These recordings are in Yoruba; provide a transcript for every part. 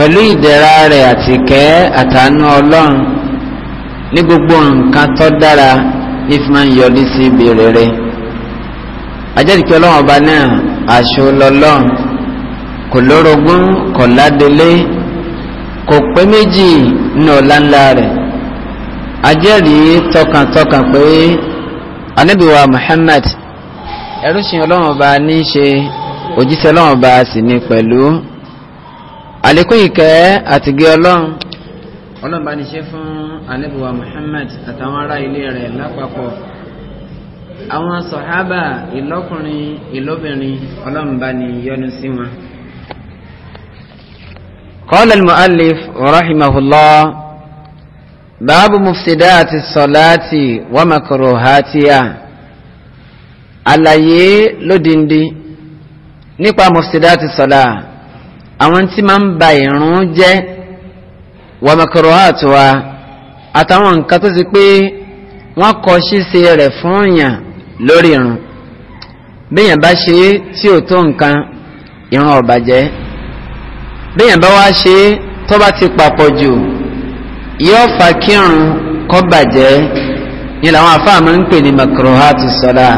pẹ̀lú ìdẹ̀ra rẹ̀ àtìkẹ́ àtàánú ọlọ́run ní gbogbo nǹkan tó dára ní fi máa ń yọrí sí ibi rere ajẹ́dìkẹ́ ọlọ́run ọba náà àṣọ lọ́lọ́run kò lórogún kò ládélé kò pé méjì nínú ọ̀la rẹ̀ ajẹ́rìí tọkàntọkàn pé anábìwá Muhammad ẹrú ṣin ọlọ́run ọba ní í ṣe òjíṣẹ́ ọlọ́run ọba sì ní pẹ̀lú àlékún ìkẹ́ àtìgẹ́ ọlọ́run ọlọ́run bá ní ṣe fún alẹ́bùwà Muhammad àtàwọn ará ilé rẹ̀ lápapọ̀ àwọn sọ̀hábà ìlọ́kùnrin ìlóbìnrin ọlọ́run bá ní sí wọn. قال المؤلف رحمه الله باب مفسدات الصلاة ومكروهاتها àlàyé lódindi nípa مفسدات الصلاة àwọn tí máa ń ba ìrun jẹ́ wà makruhat wa àtàwọn nǹkan tó ti pé wọ́n kọ ṣíṣe rẹ̀ fún yàn lórí ìrun béèyàn bá ṣe é tí ò tó nǹkan ìrun ò bàjẹ́ béèyàn bá wá ṣe tó bá ti papọ̀ jù yóò fà kírun kọ́ bàjẹ́ ni làwọn àfáà máa ń pè ní makruhat sọ́dà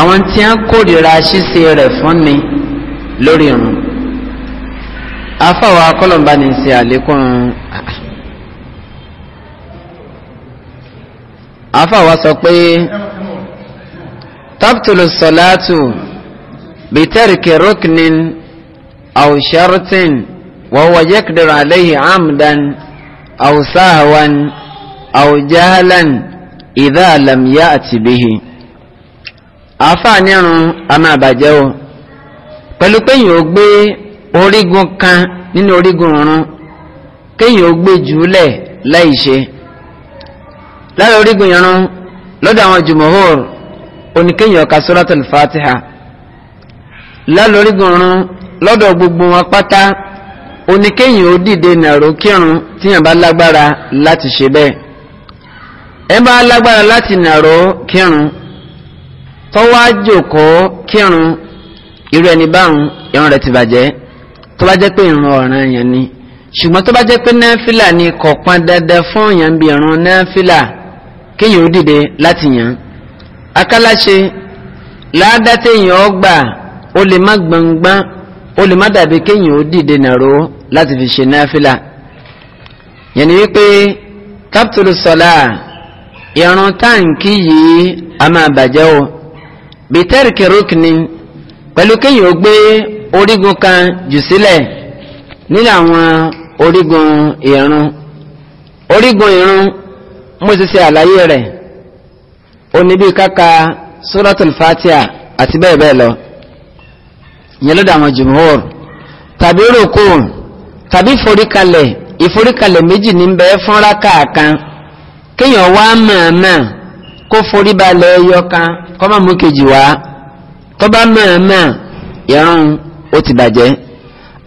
àwọn tí wọ́n kórìíra ṣíṣe rẹ̀ fún ni lórí ìrun afáwa kọlọ̀mbá ni ṣe àlékún afáwa sọ pé tabtulu salatu bitarki ruknin aw shartin wa huwa yaqdiru alayhi amdan aw sahwan aw jahlan idha lam ya'ti bihi afáà nírun a máa bàjẹ́ o pẹ̀lú orígun kan nínú orígun ọ̀run kéèyàn ó gbé jùúlẹ̀ láì ṣe lára orígun ìrun lọ́dọ̀ àwọn jùmọ̀hóòrò oníkéèyàn ka suratul fatiha lára orígun ọ̀run lọ́dọ̀ gbogbo wọn pátá oníkéèyàn ó dìde nàró kírun tíyàn bá lágbára láti ṣe bẹ́ẹ̀ ẹ bá lágbára láti nàró kírun tọ́wọ́ àjòkó kírun irú ẹni báwọn ìrun rẹ̀ ti bàjẹ́. tó bá jẹ́ pé ìrun ọ̀ràn yẹn ni ṣùgbọ́n tó bá jẹ́ pé náfìlà ni kò pọn dandan fún yẹn bí ìrun náfìlà kéèyàn ó dìde láti yàn akáláṣe ládàtẹ́ yẹn ó gbà ó lè má gbọ̀ngbọ́n ó lè má dàbí kéèyàn ó dìde nàró láti fi ṣe náfìlà yẹn ni wípé kápítùlù sọlá ìrun táǹkì yìí a máa bàjẹ́ o bìtẹ́rì kẹrùkìnì pẹ̀lú kéèyàn ó gbé orígun kan jù sílẹ̀ nínú àwọn orígun ìrun orígun ìrun mo sì ṣe àlàyé rẹ̀ oníbí káka suratul àti bẹ́ẹ̀ bẹ́ẹ̀ lọ yẹn lọ́dọ̀ tàbí rògbò tàbí foríkalẹ̀ ìforíkalẹ̀ méjì ní bẹ́ẹ̀ fúnra kàkan kan kọ́ mú kejì wá bá ó ti bàjẹ́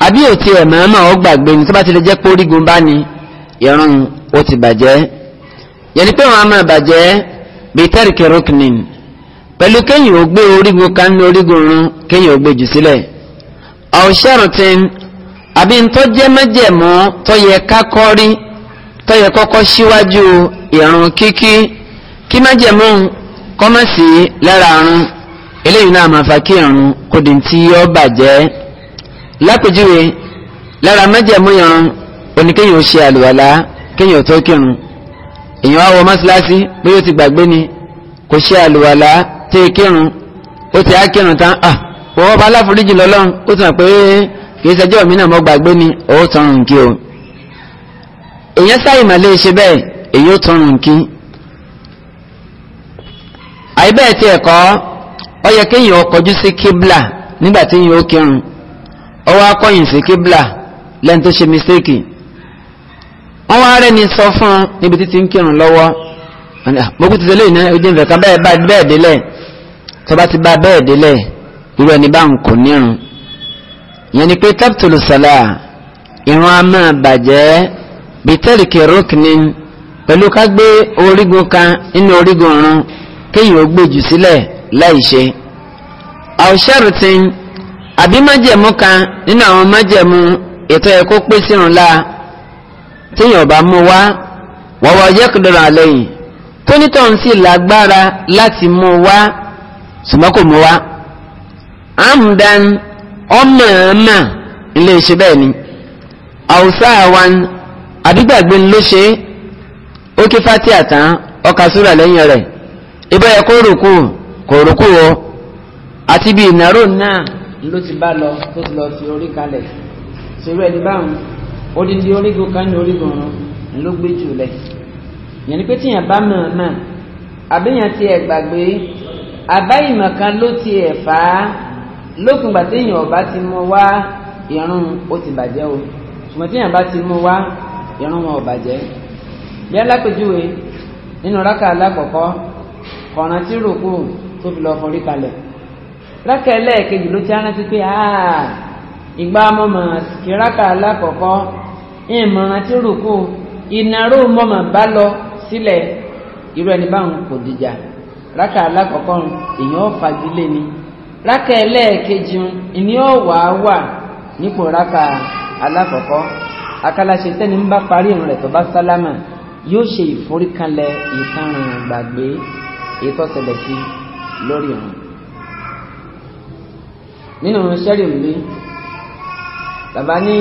àbí òtí ẹ̀ màmá ó gbàgbé ní tó bá ti lè jẹ́ pórígun bá ní irun ó ti bàjẹ́ yẹni pé wọn a máa bàjẹ́ bíi tẹ́rìkì rúkìnín pẹ̀lú kéyìn ò gbé orígun kan ní orígun run kéyìn ò gbé jù sílẹ̀ ọ̀ṣẹ́rùtín àbí tó jẹ́ májẹ̀mú tó kákọ́ rí tó kọ́kọ́ síwájú irun kíkí kí májẹ̀mú kọ́mọ̀sí lára àrùn eléyìí náà máa fa kí irun kó di ti yọ bàjẹ́ lápèjúwe lára mẹ́jẹ̀mú irun oníkéyìn ó ṣe àlùwàlá kéyìn ó tó kírun èèyàn á wọ mọ́ṣáláṣí pé ó ti gbàgbé ni kò ṣe àlùwàlá tó kírun ó ti á kírun tán à ah, wọ́n bá aláforíjì lọ́lọ́run ó ti hàn pé kìí ṣẹjọ́ mi náà mọ́ gbàgbé ni ó tọrùn kí o èèyàn sáyìn mà ṣe bẹ́ẹ̀ èyí ó tọrùn kí àìbẹ́ẹ̀ tí ẹ̀kọ́ ó yẹ kéèyàn ó kọjú sí kíblà nígbà tí yìí ó kírun ó wá kọ̀yìn sí kíblà lẹ́ni tó ṣe mistake wọ́n wá rẹ́ ni sọ fún un níbi títí ń kírun lọ́wọ́ gbogbo ah, ti tẹ́lẹ̀ ìná ojú ìfẹ́ kan bẹ́ẹ̀ délẹ̀ tó bá ti bá bẹ́ẹ̀ délẹ̀ irú ẹni bá ń kò nírun yẹn ni pé tábìtìlù pẹ̀lú ká gbé orígun kan nínú orígun ọ̀run kéèyàn ó gbèjù sílẹ̀ láìṣe ọ̀ṣẹ́rìtìn àbí májẹ̀mú kan nínú àwọn májẹ̀mú ètò ẹ̀kọ́ pé sírun láà tíyàn bá mú wá wọ́wọ́ yẹ́kùdọ̀rọ̀ àlẹ́yìn tó nítọ̀hún sí lágbára láti mú wá ṣùgbọ́n mú wá amdan ọmọ ẹ̀mà ilé bẹ́ẹ̀ ni àwùsá àwọn àbígbàgbé rẹ̀ kò rúkú ati àti bí ìnáró náà ló ti bá lọ tó ti lọ fi orí kalẹ̀ sórí ẹni báwọn odindi orígun kan ní orígun ọ̀run ló gbé jù lẹ̀ yẹn pé bá mọ̀ náà àbíyàn ti ẹ̀ gbàgbé àbá ìmọ̀ kan ló ti ẹ̀ fà á lókun gbà ọba ti mú wá ìrun ó ti bàjẹ́ o ṣùgbọ́n téèyàn bá ti mú wá ìrun wọn ò bàjẹ́ bí alápèjúwe nínú rákà tó fi lọ forí kalẹ̀ rákà ẹlẹ́ẹ̀kejì ló ti rántí pé ìgbà mọ̀mọ́ kìrákà alákọ̀ọ́kọ́ ìmọ̀ràn tí rúkú ìnáró mọ̀mọ́ bá lọ sílẹ̀ irú ẹni báwọn kò dìjà rákà alákọ̀ọ́kọ́ èèyàn fagilé ni rákà wà nípò rákà ń bá parí tó bá sálámà yóò ṣe gbàgbé ètò lórí ọ̀hún. nínú sẹ́rì mi bàbá ní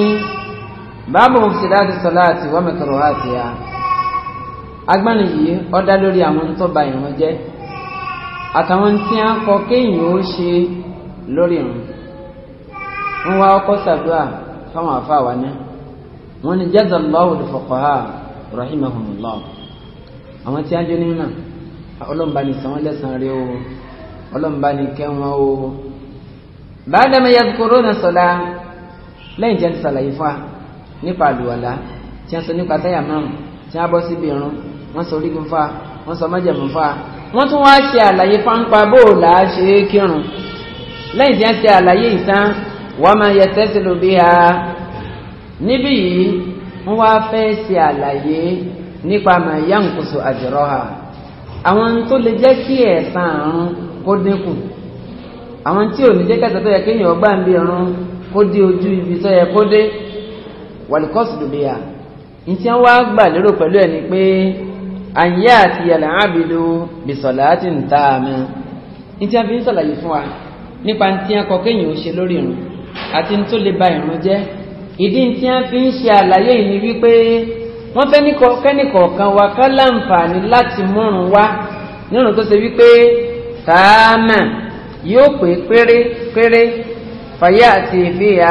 báàbò mufsidati salati wa makruhatiha agbáni yìí ó dá lórí àwọn tó ba ìrun jẹ́ àtàwọn tí a kọ kéèyàn ó ṣe lórí ìrun ń wá ọkọ sàdúrà fáwọn àfáàwá náà wọn ni jazallahu al-fuqaha rahimahumullah àwọn tí a jẹ́ nínú náà ọlọ́mùbá ni sàn wọ́n lẹ́sàn-án rí o ọlọ́mùbá ni kẹ́ wọn o bàdàmà yàtúkọ̀rọ̀ náà sọ̀la lẹ́yìn tí a ti sàlàyé fún wa nípa àlùwàlá tí a sọ nípa táyà márùn tí a bọ́ síbi irun wọ́n sọ orígun fún wa wọ́n sọ májẹ̀mú fún wa wọ́n tún wá ṣe àlàyé fáńpá bóòlù àṣẹ kírun lẹ́yìn tí a ṣe àlàyé ìtàn wọ́n máa yẹ tẹ́sílù bí ha níbí yìí wọ́n wá fẹ́ ṣe àlàyé nípa màá yá nkùsù àjọrọ̀ ha àwọn tó lè jẹ́ kí ẹ̀sán àrùn kó dínkù àwọn tí ò ní jẹ́ kẹta tó yẹ kéèyàn ọgbà ń bí ọrùn kó dé ojú ibi tó yẹ kó dé wàlíkọ́sì lòdì yà ntí wọn wá gbà lérò pẹ̀lú ẹ̀ ni pé àyè àti yàrá àbìlú bìsọ̀lá ti ń ta àmì ntí wọn fi ń sọ̀làyé fún wa nípa ntí wọn kọ kéèyàn ó ṣe lórí irun àti ntó lè ba irun jẹ́ ìdí ntí wọn fi ń ṣe àlàyé yìí ni wípé wọn fẹ́ kẹ́nìkọ̀ọ̀kan wa ká láǹfààní láti múrun wá nírun tó ṣe wípé tààmà yóò pé péré péré fàyà àti ìfìyà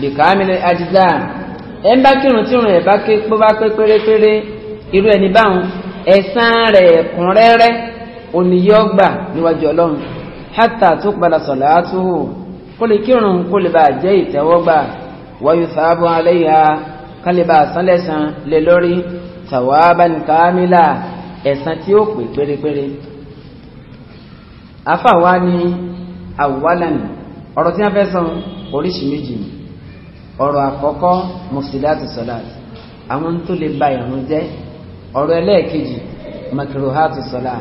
bìkàmìlẹ̀ àjíjà ẹ̀ ń bá kírun tí irun ẹ̀ bá ké pé bá pé péré péré irú ẹni báwọn ẹ̀san rẹ̀ kúnrẹ́rẹ́ oníyọ́gbà níwájú ọlọ́run hátà tó padà sọ̀lá àtúhù kó lè kírun kó lè bá jẹ́ ìtẹ́wọ́gbà wáyú sáábù aléyà ká sánlẹ̀sán lé lórí tàwábà nìkàámílà ẹ̀san tí ó pè pérépéré. Pere afa wa ni awalan ọ̀rọ̀ tí wọ́n fẹ́ sọ oríṣi méjì ni ọ̀rọ̀ àkọ́kọ́ mufsidatu salat àwọn tó lè ba ìrun jẹ́ ọ̀rọ̀ ẹlẹ́ẹ̀kejì makruhatu salat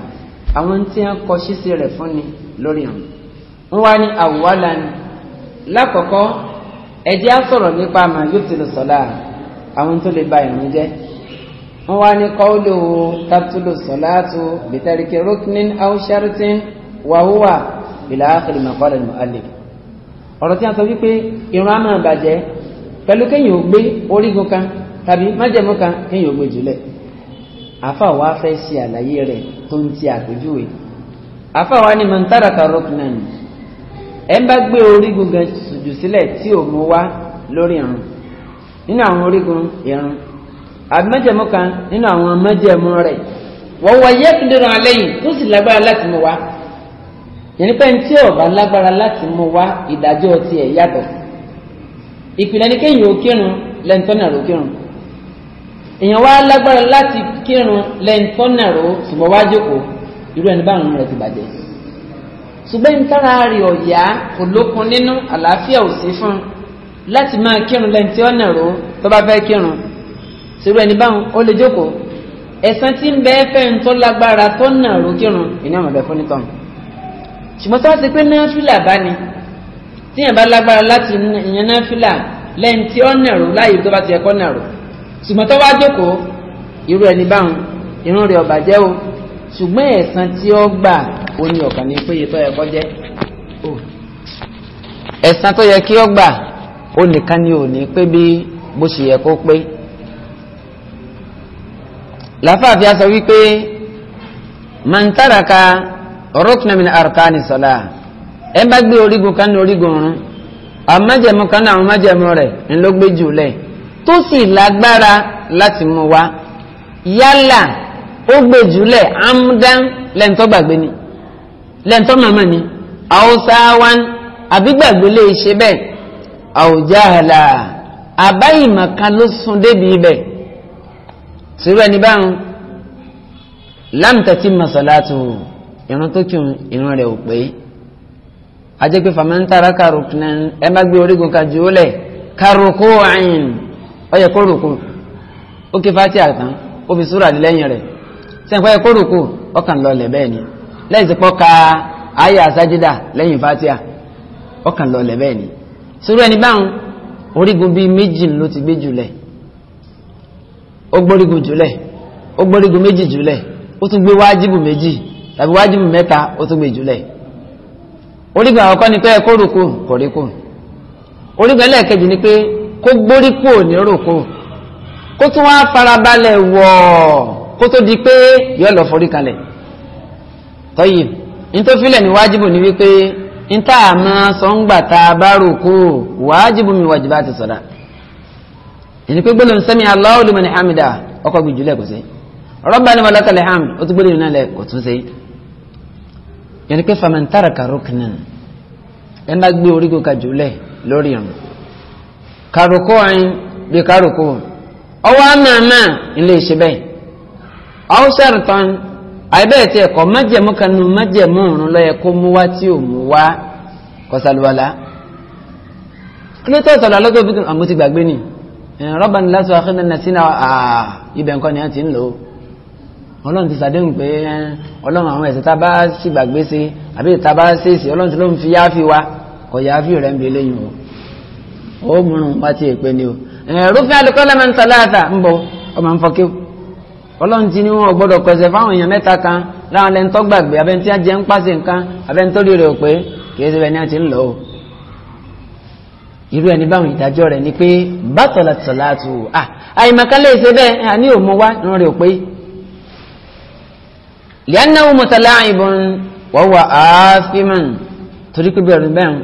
àwọn tí wọ́n kọ ṣíṣe rẹ̀ fún ni lórí ìrun wọ́n wá ní awalan lákọ̀ọ́kọ́ ẹ jẹ́ á sọ̀rọ̀ nípa ma yubtilu salat àwọn tó lè ba ìrun jẹ́ wọ́n wá ní qawluhu tabtulu salatu bitariki ruknin aw wàhúwà ìlà àkìlì mọ̀kọ́lẹ̀ mọ̀álẹ̀ ọ̀rọ̀ tí a sọ wípé irun á máa bàjẹ́ pẹ̀lú kéèyàn ò gbé orígun kan tàbí májẹ̀mú kan kéèyàn ò gbé jùlẹ̀ àfa wa fẹ́ ṣe àlàyé rẹ̀ tó ń ti àpèjúwe àfa wa ni mọ̀ntàràkà rọ́kùnrin ẹ̀ ń bá gbé orígun gan jù sílẹ̀ tí ò mú wá lórí irun nínú àwọn orígun irun àbí májẹ̀mú kan nínú àwọn májẹ̀mú rẹ̀ wọ́n wá yẹ́kùndínlọ́ọ̀lẹ́yìn tó sì lágbára láti mú wá yẹn nípa ẹni tí ọba lágbára láti mú wá ìdájọ́ tiẹ̀ yàtọ̀ ìpìlẹ̀ ni kéèyàn ò kírun lẹ́ńtọ́nà rò kírun èèyàn wá lágbára láti kírun lẹ́ńtọ́nà rò ṣùgbọ́n wá jókòó irú ẹni báwọn rẹ̀ ti bàjẹ́ ṣùgbọ́n ní tára rẹ̀ ọ̀yá kò lókun nínú àlàáfíà ò sí fún un láti máa kírun lẹ́ńtọ́nà rò tó bá fẹ́ kírun ṣùgbọ́n ẹni báwọn ó lè jókòó ẹ̀sán tí ń bẹ́ẹ́ fẹ́ ń tó lágbára tó nà ṣùgbọ́n tó wá ti pé náfìlà bá ní tíyẹn bá lágbára láti ìyẹn náfìlà lẹ́yìn tí ó nàró láàyè tó bá ti ẹ̀kọ́ nàró ṣùgbọ́n tó wá jókòó irú ẹni báwọn irun rẹ̀ ọ̀bà jẹ́ o ṣùgbọ́n ẹ̀san tí ó gbà ó ní ọ̀kan ní péye tó yẹ kó jẹ́ ẹ̀san tó yẹ kí ó gbà ó nìkan ni ò ní pé bí bó ṣe yẹ kó pé làfààfin aṣọ wípé màǹtàràkà rukna min arkani sọlá ẹ bá gbé orígun kan ní orígun ọ̀run àmájẹmú kan náà àwọn májẹmú ńlọgbé jùlẹ̀ tó sì lágbára láti mú wa yálà ó gbé jùlẹ̀ amúdán lẹ́ńtọ́ gbàgbé ni lẹ́ńtọ́ màmá ni àwòsáwán àbígbàgbé lè ṣe bẹ́ẹ̀ àwòjáàlà àbáyìmọ̀ kan ló sún débi ibẹ̀ tìrú ẹni báwọn láǹtẹ̀tì mọ̀sálátù. irun tó kírun irun rẹ̀ ò pé ajẹ́ pé fàmẹ́ntàrà kàrùkùnà ẹ bá gbé orígun kan jù ú lẹ̀ kàrùkù àyìn ó yẹ kó rùkù ó ké fati àtàn ó fi súrà lẹ́yìn rẹ̀ sẹ́ńpẹ́ yẹ kó rùkù ọkàn lọ lẹ̀ bẹ́ẹ̀ ni lẹ́yìn tí pọ́ ka ayé àsájídà lẹ́yìn fatia ọkàn lọ lẹ̀ bẹ́ẹ̀ ni sórí ẹni báwọn orígun bíi méjì ló ti gbé jùlẹ̀ ó gbórígun jùlẹ̀ ó gbórígun méjì jùlẹ̀ ó tún gbé wájibù méjì tàbí wájú mẹ́ta ó tún gbé jùlẹ̀ orígun àkọ́kọ́ ni pé kó rúkú kò rí ẹlẹ́ẹ̀kejì ni pé kó gbórí ò ní rúkú kó tún wá farabalẹ̀ wọ̀ kó tó di pé yọ lọ forí kalẹ̀ tọ́yì nítòfilẹ̀ ni wájú bò ní wípé níta àmọ́ sọ́ngbà mi wájú bá ti sọ̀dá ẹni pé gbọ́dọ̀ hamida ọkọ̀ kò sí ó gbọ́dọ̀ yẹn ah, ni pé famantara karoknan ẹ má gbé orígun kajù lẹ lórí irun karoko ayin bí karoko ọwọ́ àmàmà ilé ìṣe bẹ́ẹ̀ ọ̀húsàrì tán àìbẹ́ẹ̀ tí ẹ̀kọ́ májẹ̀mú kanú májẹ̀mú òrùn lọ́yẹ kó mú wá tí ò mú wá kọsàlùwàlá kí ló tẹ́ sọ̀rọ̀ alọ́gbẹ́ bí gbàgbé ni rọ́bà ni lásìkò àkínní náà ibẹ̀ nǹkan ni a ti ń lò ó. ọlọ́run ti sàdéhùn pé ọlọ́run àwọn ẹ̀ṣẹ̀ tá a bá sì gbàgbé ṣe àbí tá a bá ọlọ́run ti ló ń fi wa kọ̀ rẹ̀ ń bi o ó múrun wá ni o rúfin àdìkọ́ lẹ́mẹ̀ń sàlẹ́àtà ń bọ̀ ọmọ ń fọkẹ́ ọlọ́run ti ní wọn gbọ́dọ̀ kan láwọn tó gbàgbé abẹ́ni tí a jẹ́ ń pàṣẹ nǹkan abẹ́ni tó rírẹ̀ irú ẹni báwọn ni pé tọ̀lá tù à àyìnbá kan lè ṣe bẹ́ẹ̀ àní lẹ́nàwó mọ̀tàláìbùn wọ́wọ́ àáfíìmọ̀n torí pé bẹ̀rù bẹ́ẹ̀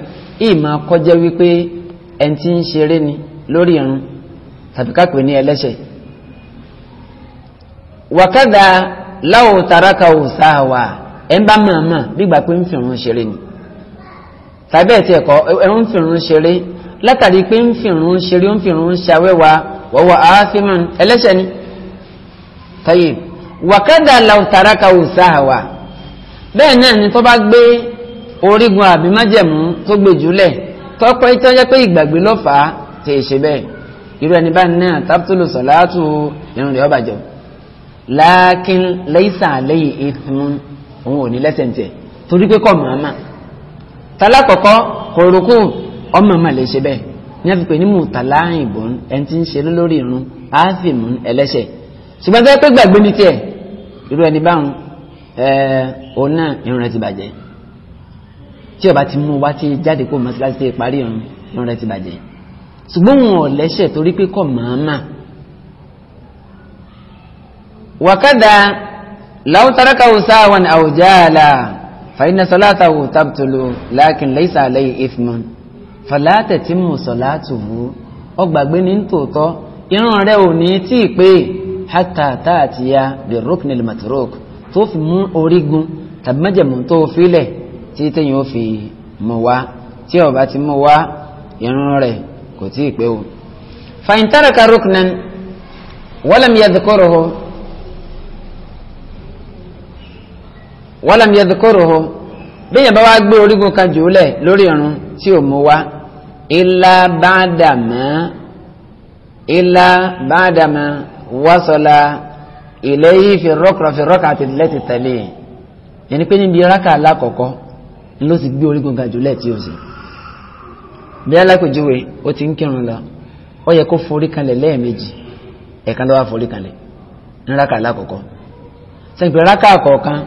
ìmọ̀ kọjá wípé ẹni tí ń ṣeré ni lórí irun tàbí kápẹ́ ní ẹlẹ́ṣẹ̀ wàkàdà láwò tàràkà òsáàwà ẹ̀ ń bá màmá bígbà pé ń fìrun ṣeré ni tàbí ẹ̀tì ẹ̀kọ́ ẹ̀ ń fìrun ṣeré látàrí pé ń fìrun ṣeré ń fìrun ṣàwẹ́wà wọ́wọ́ àáfíìmọ̀n ẹlẹ́ṣẹ̀ ni tayyib wàkádà làwùtàràkà òsàwà bẹ́ẹ̀ náà ni tó bá gbé orígun àbí májẹ̀mú tó gbé jùlẹ̀ tọ́pọ̀ tó jẹ́ pé ìgbàgbé lọ́fà tẹ̀ ṣe bẹ́ẹ̀ irú ẹni bá náà tábítúlù sọ̀láàtù irun rẹ̀ ọ̀bàjọ́ láàkín lẹ́yìnsà lẹ́yìn ìfún òun ò ní lẹ́sẹ̀ ntẹ̀ torí pé kọ́ màmá tálákọ̀kọ́ kòrókù ọmọ màmá lè ṣe bẹ́ẹ̀ ní a fi pè ní mùtàlá ìbọn ẹni tí ń ṣe lórí irun áfìmù ẹlẹ́ṣẹ̀ ṣùgbọ́n tó pé gbàgbé ní tiẹ̀ irú ẹni báwọn ẹ̀ẹ́ òun náà irun rẹ̀ ti bàjẹ́ tí ọba ti mú wá tí jáde kó mọ́sálásí tí parí irun irun rẹ̀ ti bàjẹ́ ṣùgbọ́n wọn ò lẹ́sẹ̀ torí pé kọ̀ màmá wàkàdà láwùtàràkà òsáwọn àwùjá àlà fàyínà sọláàtà wò tábùtòlù láàkín lẹ́sà lẹ́yìn ifman fàlàtẹ̀ tí mo ọgbàgbé ní tòótọ́ irun rẹ̀ ò ní tí ì pé hátà táàtìyà bí ruknil matruk tó fi mú orígun tàbí májẹ̀mú tó filẹ̀ tí téèyàn ó fi mú wá tí ó bá ti mú wá irun rẹ̀ kò tí ì pé o. fa in taraka ruknan walam yadhkuruhu walam yadhkuruhu bẹ́ẹ̀ yẹn bá wá gbé orígun kan jù ú lẹ̀ lórí irun tí ò mú wá illa ba'dama illa ba'dama. wasọ̀la ilẹ̀ yìí fi rọ́kùrọ̀ a àti lẹ́tì tẹ̀lé yẹni pé níbi rákà alákọ̀ọ́kọ́ ló sì gbé orígun gàjù lẹ́ẹ̀tì òsì bí alákòjúwe ó ti ń kírun lọ ó yẹ kó forí kanlẹ̀ lẹ́ẹ̀mejì ẹ̀kan forí ní rákà alákọ̀ọ́kọ́ rákà kọ̀ọ̀kan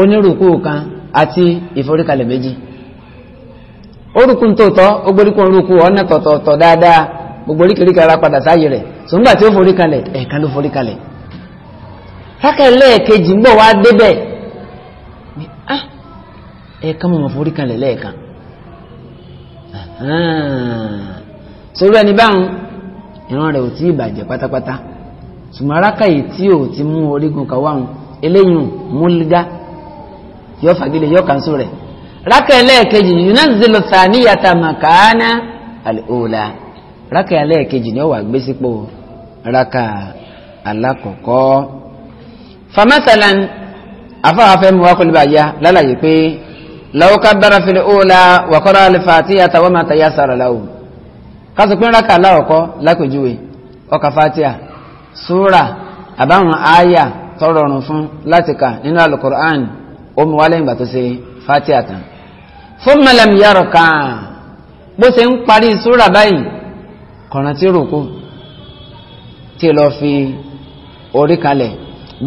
onírùkú kan àti ìforíkalẹ̀ méjì orúkú tòótọ́ ó orúkú ọ̀nà gbogbo oríkèéríkèé ara padà sáyé rẹ̀ so nígbà tí ó forí kalẹ̀ ẹ̀ẹ̀kan ló forí kalẹ̀ rákẹ̀lẹ́ kejì ń bọ̀ wá débẹ̀ ah, ẹ̀ẹ̀kan mọ̀ forí kalẹ̀ lẹ́ẹ̀kan sórí ẹni báwọn ìran rẹ̀ ò tí ì bàjẹ́ pátápátá ṣùgbọ́n rákàyè tí ò ti mú orígun kàwáhùn eléyìn múlgá yọ fagilé yọ kànṣó rẹ̀ rákẹ̀lẹ́ kejì yunazzilu thaniyata makana al-ula raka ẹlẹ́ẹ̀kejì ni ó wà gbé raka alákọ̀ọ́kọ́ famasalan afáwafẹ́ mu wákùnrin bá yá lálàyé pé law kabbara fil ula wa qara al-fatihata wa ma tayassara raka alákọ̀ọ́kọ́ lápèjúwe ó ka fatiha súra àbáwọn àyà tọrọrùn fún láti kà nínú alukur'an ó mu wálé ìgbà tó ṣe fatiha tán fún malam yarka bó ṣe ń parí súra báyìí kọ̀rántí rùkú tí lọ fi orí kalẹ̀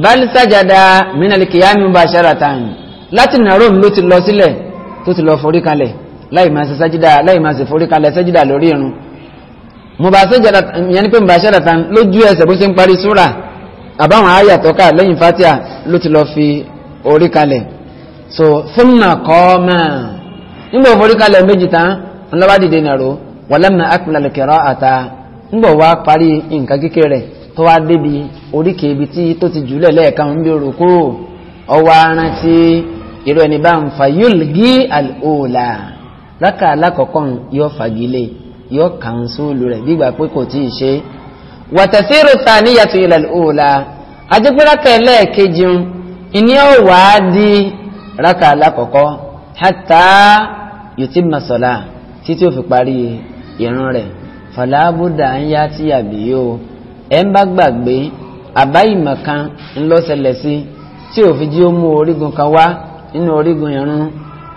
bal sajada minal kiyami mubasharatan láti nàró mi ló ti lọ sílẹ̀ tó ti lọ forí kalẹ̀ láì máa ṣe sájídà láì máa ṣe forí kalẹ̀ sájídà lórí irun mubasharatan yẹn ni pé mubasharatan lójú ẹsẹ̀ bó ṣe ń parí súrà àbáwọn àyà tọ́ka lẹ́yìn fatia ló ti lọ fi orí kalẹ̀ so thumma qama nígbà forí kalẹ̀ méjì tán ńlọ́wádìí dènà rò wàlámà akmala al-qira'ata ńgbọ̀ wá parí nǹkan kékeré rẹ̀ tó wá débi oríkè ibi tí tó ti jùlẹ̀ lẹ́ẹ̀kan ń bí orò kúrò ọwọ́ arántí irú ẹni bá ń fa yulgi al-ula lákà alákọ̀ọ́kọ́ yóò fagilé yóò kàǹsóòlù rẹ̀ bí ìgbà pé kò tí ì ṣe wàtẹ̀sírò thaniyatu ila al-ula ajẹ́pẹ́lákà ẹlẹ́ẹ̀kejì ìrun rẹ̀ fàlábùdà ń yá tí àbí yó ẹ̀ ń bá gbàgbé àbá ìmọ̀ kan ńlọ́sẹ̀lẹ̀ sí tí ò fi jí ó mú orígun kan wá nínú orígun ìrun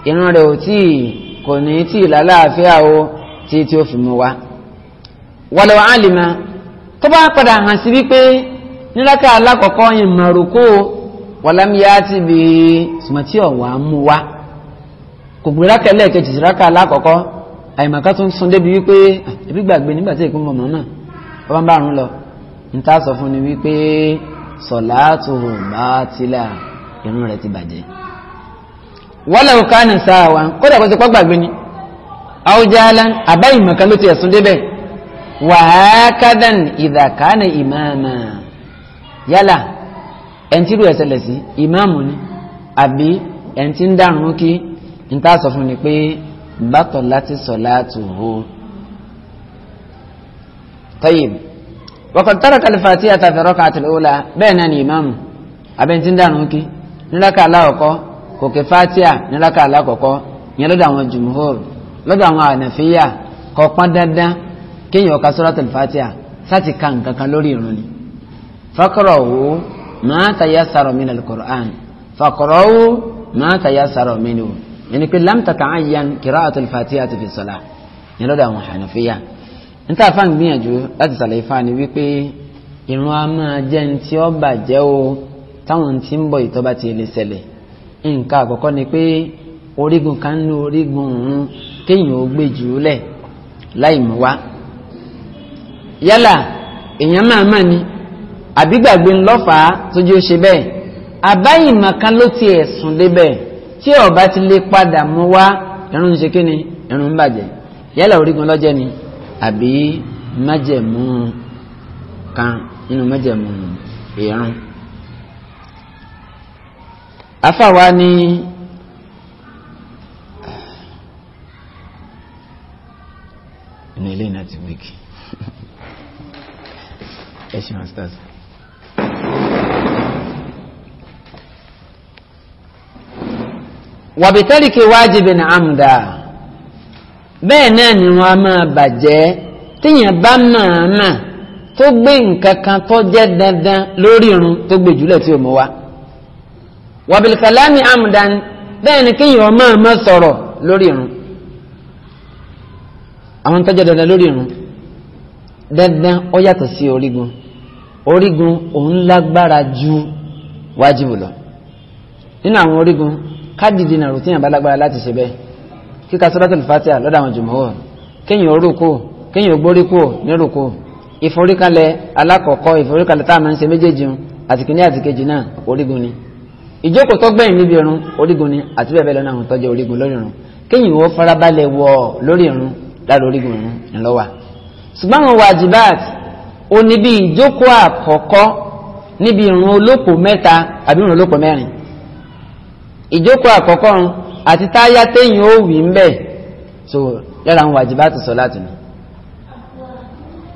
ìrun rẹ̀ ò tí kò ní tí ìlàláàfíà o tí tí ó fi mú wá. wàlẹ̀ wàá lè máa tó bá padà hàn sí wípé nílákà alákọ̀ọ́kọ́ ìmọ̀rùkó wàlámíyá ti bí sùmọ̀tí ọ̀wà mú wá kò gbérákà lẹ́ẹ̀kejì sírákà alákọ̀ọ́kọ́ àyèmọ̀ká tó ń sun débi wípé ẹbí gbàgbé nígbà tí ìkún mọ̀mọ́ náà ọba ń bá àrùn lọ ń tá a sọ fún ni wípé sọ̀láàtù bá tilà irun rẹ̀ ti bàjẹ́. wọ́lẹ̀ òkà ní sáà wa kódà kó ti pọ́ gbàgbé ni àwùjáàlá àbá ìmọ̀ká ló ti ẹ̀sùn débẹ̀ wàhákádàn ìdàkánà ìmáàmà yálà ẹ̀ntì rú ẹ̀sẹ̀lẹ̀ sí ìmáàmù ni àbí ẹ̀ntì ń dàrún kí ń sọ fún ni pé bátọ̀ láti salatuhu. tayyib waqad taraka al-fatihata fi rak'ati al-ula bẹ́ẹ̀ náà ni ìmáàmù abẹ́ntí ń dànù kí níláka aláwọ̀kọ́ kòkè fatiha níláka alákọ̀ọ́kọ́ yẹn lọ́dọ̀ àwọn jumhur lọ́dọ̀ àwọn ànàfíyà kò pọn dandan kéèyàn ka suratul fatiha sáti ka nǹkan kan lórí ìrun ni faqra'u ma tayassara min al-Qur'an faqra'u ma tayassara minhu yẹni pé lamtata ayan kiraatu al-fatiha ti fi sọla yẹn lọ́dọ̀ àwọn hànàfíyà níta fáwọn gbìyànjú láti sàlàyé fáwọn ni wípé irun a máa jẹ́ ní tí ó bàjẹ́ o táwọn tí ń bọ̀ ìtọ́ba ti lè ṣẹlẹ̀ nǹkan àkọ́kọ́ ni pé orígun kan ní orígun òun kéèyàn ó gbé jù ú lẹ̀ láì mú wá yálà èèyàn máa máa ni àbígbàgbé ńlọ́fàá tójú ó ṣe bẹ́ẹ̀ àbáyìmọ̀ kan ló ti ẹ̀sùn débẹ̀ tí ọba ti lè padà mú wá irun ń ṣe kí ni ń bàjẹ́ yálà orígun lọ́jẹ́ ni àbí májẹ̀mú kan nínú májẹ̀mú irun. afáwa ni. inú ilé náà ti wàbítẹ́rìkì wájibin amda bẹ́ẹ̀ náà ni wọ́n á máa bàjẹ́ tíyàn bá màánà tó gbé nǹkan kan tó jẹ́ dandan lórí irun tó gbé jùlẹ̀ tí o mú wa wàbílkàlámi amdan bẹ́ẹ̀ ni kíyàn máa má sọ̀rọ̀ lórí irun àwọn tó jẹ́ dandan lórí irun dandan ó yàtọ̀ sí orígun orígun òun lágbára ju wájibu lọ nínú àwọn orígun kádìdì nàró tí yàn bá lágbára láti ṣe bẹ́ẹ̀ kíka suratul Fatiha lọ́dọ̀ àwọn jùmọ̀wọ̀ kéyìn orúkọ kéyìn ogbóríkọ nírúkọ ìforíkalẹ̀ alákọ̀ọ́kọ́ ìforíkalẹ̀ tá a máa ń ṣe méjèèjì àtìkíní àtìkejì náà orígun ni ìjókòó tó gbẹ̀yìn níbi irun orígun ni àti bẹ́ẹ̀ bẹ́ẹ̀ lọ́nà àwọn tọ́jú orígun lórí irun kéyìn wajibat ó níbi ìjókòó àkọ́kọ́ níbi irun olóko mẹ́ta àbí irun olóko ìjókòó àkọ́kọ́ àti táyà téèyàn ó wì ń bẹ̀ so lára àwọn wàjibátù sọ̀láàtì ni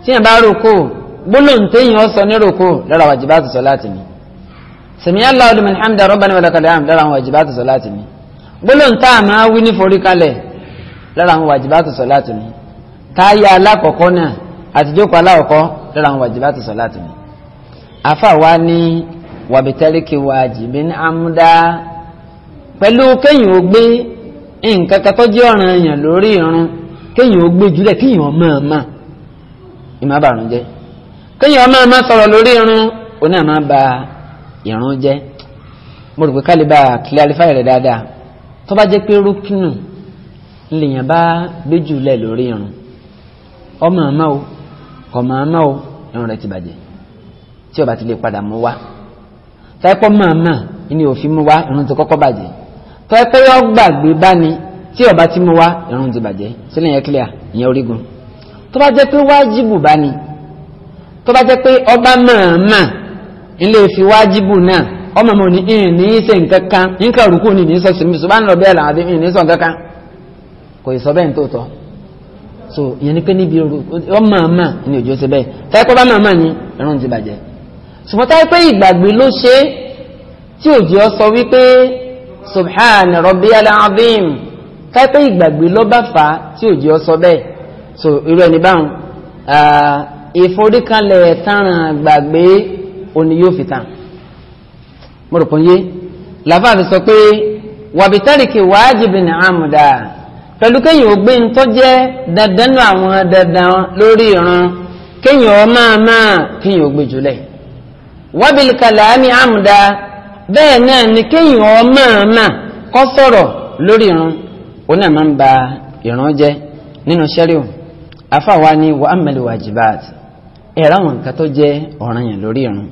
tí yẹn bá rúkú gbólóhùn téèyàn ó sọ ní rúkú lára wàjibátù sọ̀láàtì ni sami'a Allahu liman hamda rabbana wa lakal hamd lára àwọn wàjibátù sọ̀láàtì ni gbólóhùn tá a máa wí ní forí kalẹ̀ lára àwọn wàjibátù sọ̀láàtì ni táyà alákọ̀ọ́kọ́ náà àti jókòó alákọ̀ọ́kọ́ lára àwọn wàjibátù sọ̀láàtì ni àfà wa ní wàbítẹ́ríkì wàjibin amúdá pẹ̀lú kéyìn ó gbé nǹkan kan tó jẹ́ ọ̀ràn èèyàn lórí irun kéyìn ó gbé jùlẹ̀ kéyìn ó máa máa jẹ́ kéyìn ó máa sọ̀rọ̀ lórí ó náà ba irun jẹ́ mo rò pé kálíbà kílárifáì rẹ̀ dáadáa tó bá jẹ́ pé rúkìnù lèèyàn bá gbé jùlẹ̀ lórí o ọmọ o rẹ̀ ti bàjẹ́ tí ọba ti lè padà mú wa òfin mú wa ti kọ́kọ́ bàjẹ́ pẹ́pẹ́ yọ gbàgbé bá ni tí ọba ti mú wa ìrun ti bàjẹ́ sílẹ̀ yẹn clear ìyẹn orígun tó bá jẹ́ pé wájibù bá ni tó bá jẹ́ pé ọba mọ̀ọ́mọ̀ ilé fi wájibù náà ọmọ mọ̀ ní ìhìn ní í ṣe nǹkan kan nǹkan rúkú ni ní í sọ sí mi ṣùgbọ́n lọ́ọ́ bẹ́ẹ̀ làwọn àbí ìhìn ní sọ nǹkan kan kò sọ bẹ́ẹ̀ ní tòótọ́ so ìyẹn ni pé níbi ọmọọmọ ni òjò ṣe bẹ́ẹ̀ táyé pé ọba mọ̀ọ́mọ̀ ni ìrun ti bàjẹ́ ṣùgbọ́n táyé pé ìgbàgbé ló ṣe tí òjò sọ wípé subhana rabbiyal azim kápẹ́ ìgbàgbé ló bá fà á tí òjì ọ sọ bẹ́ẹ̀ so irú ẹni báwọn ìforíkalẹ̀ tàràn gbàgbé òní yóò fi tàn mo rò pọ̀ yé làbá fi sọ pé wàbítárìkì wájibì ní àmùdá pẹ̀lú kéyìn ògbé ń tọ́ jẹ́ dandan nù àwọn dandan lórí ìran kéyìn ọ máa máa kéyìn ògbé jùlẹ̀ wábìlì kàlàámi àmùdá bẹ́ẹ̀ náà ni kéèyàn ọmọ àmà kọ́ sọ̀rọ̀ lórí irun òun náà máa ń ba irun jẹ́ nínú sẹ́ríò afáwa ni wa amẹ́lẹ̀ wajibat ẹ̀rọ àwọn nǹkan tó jẹ́ ọ̀ranyàn lórí irun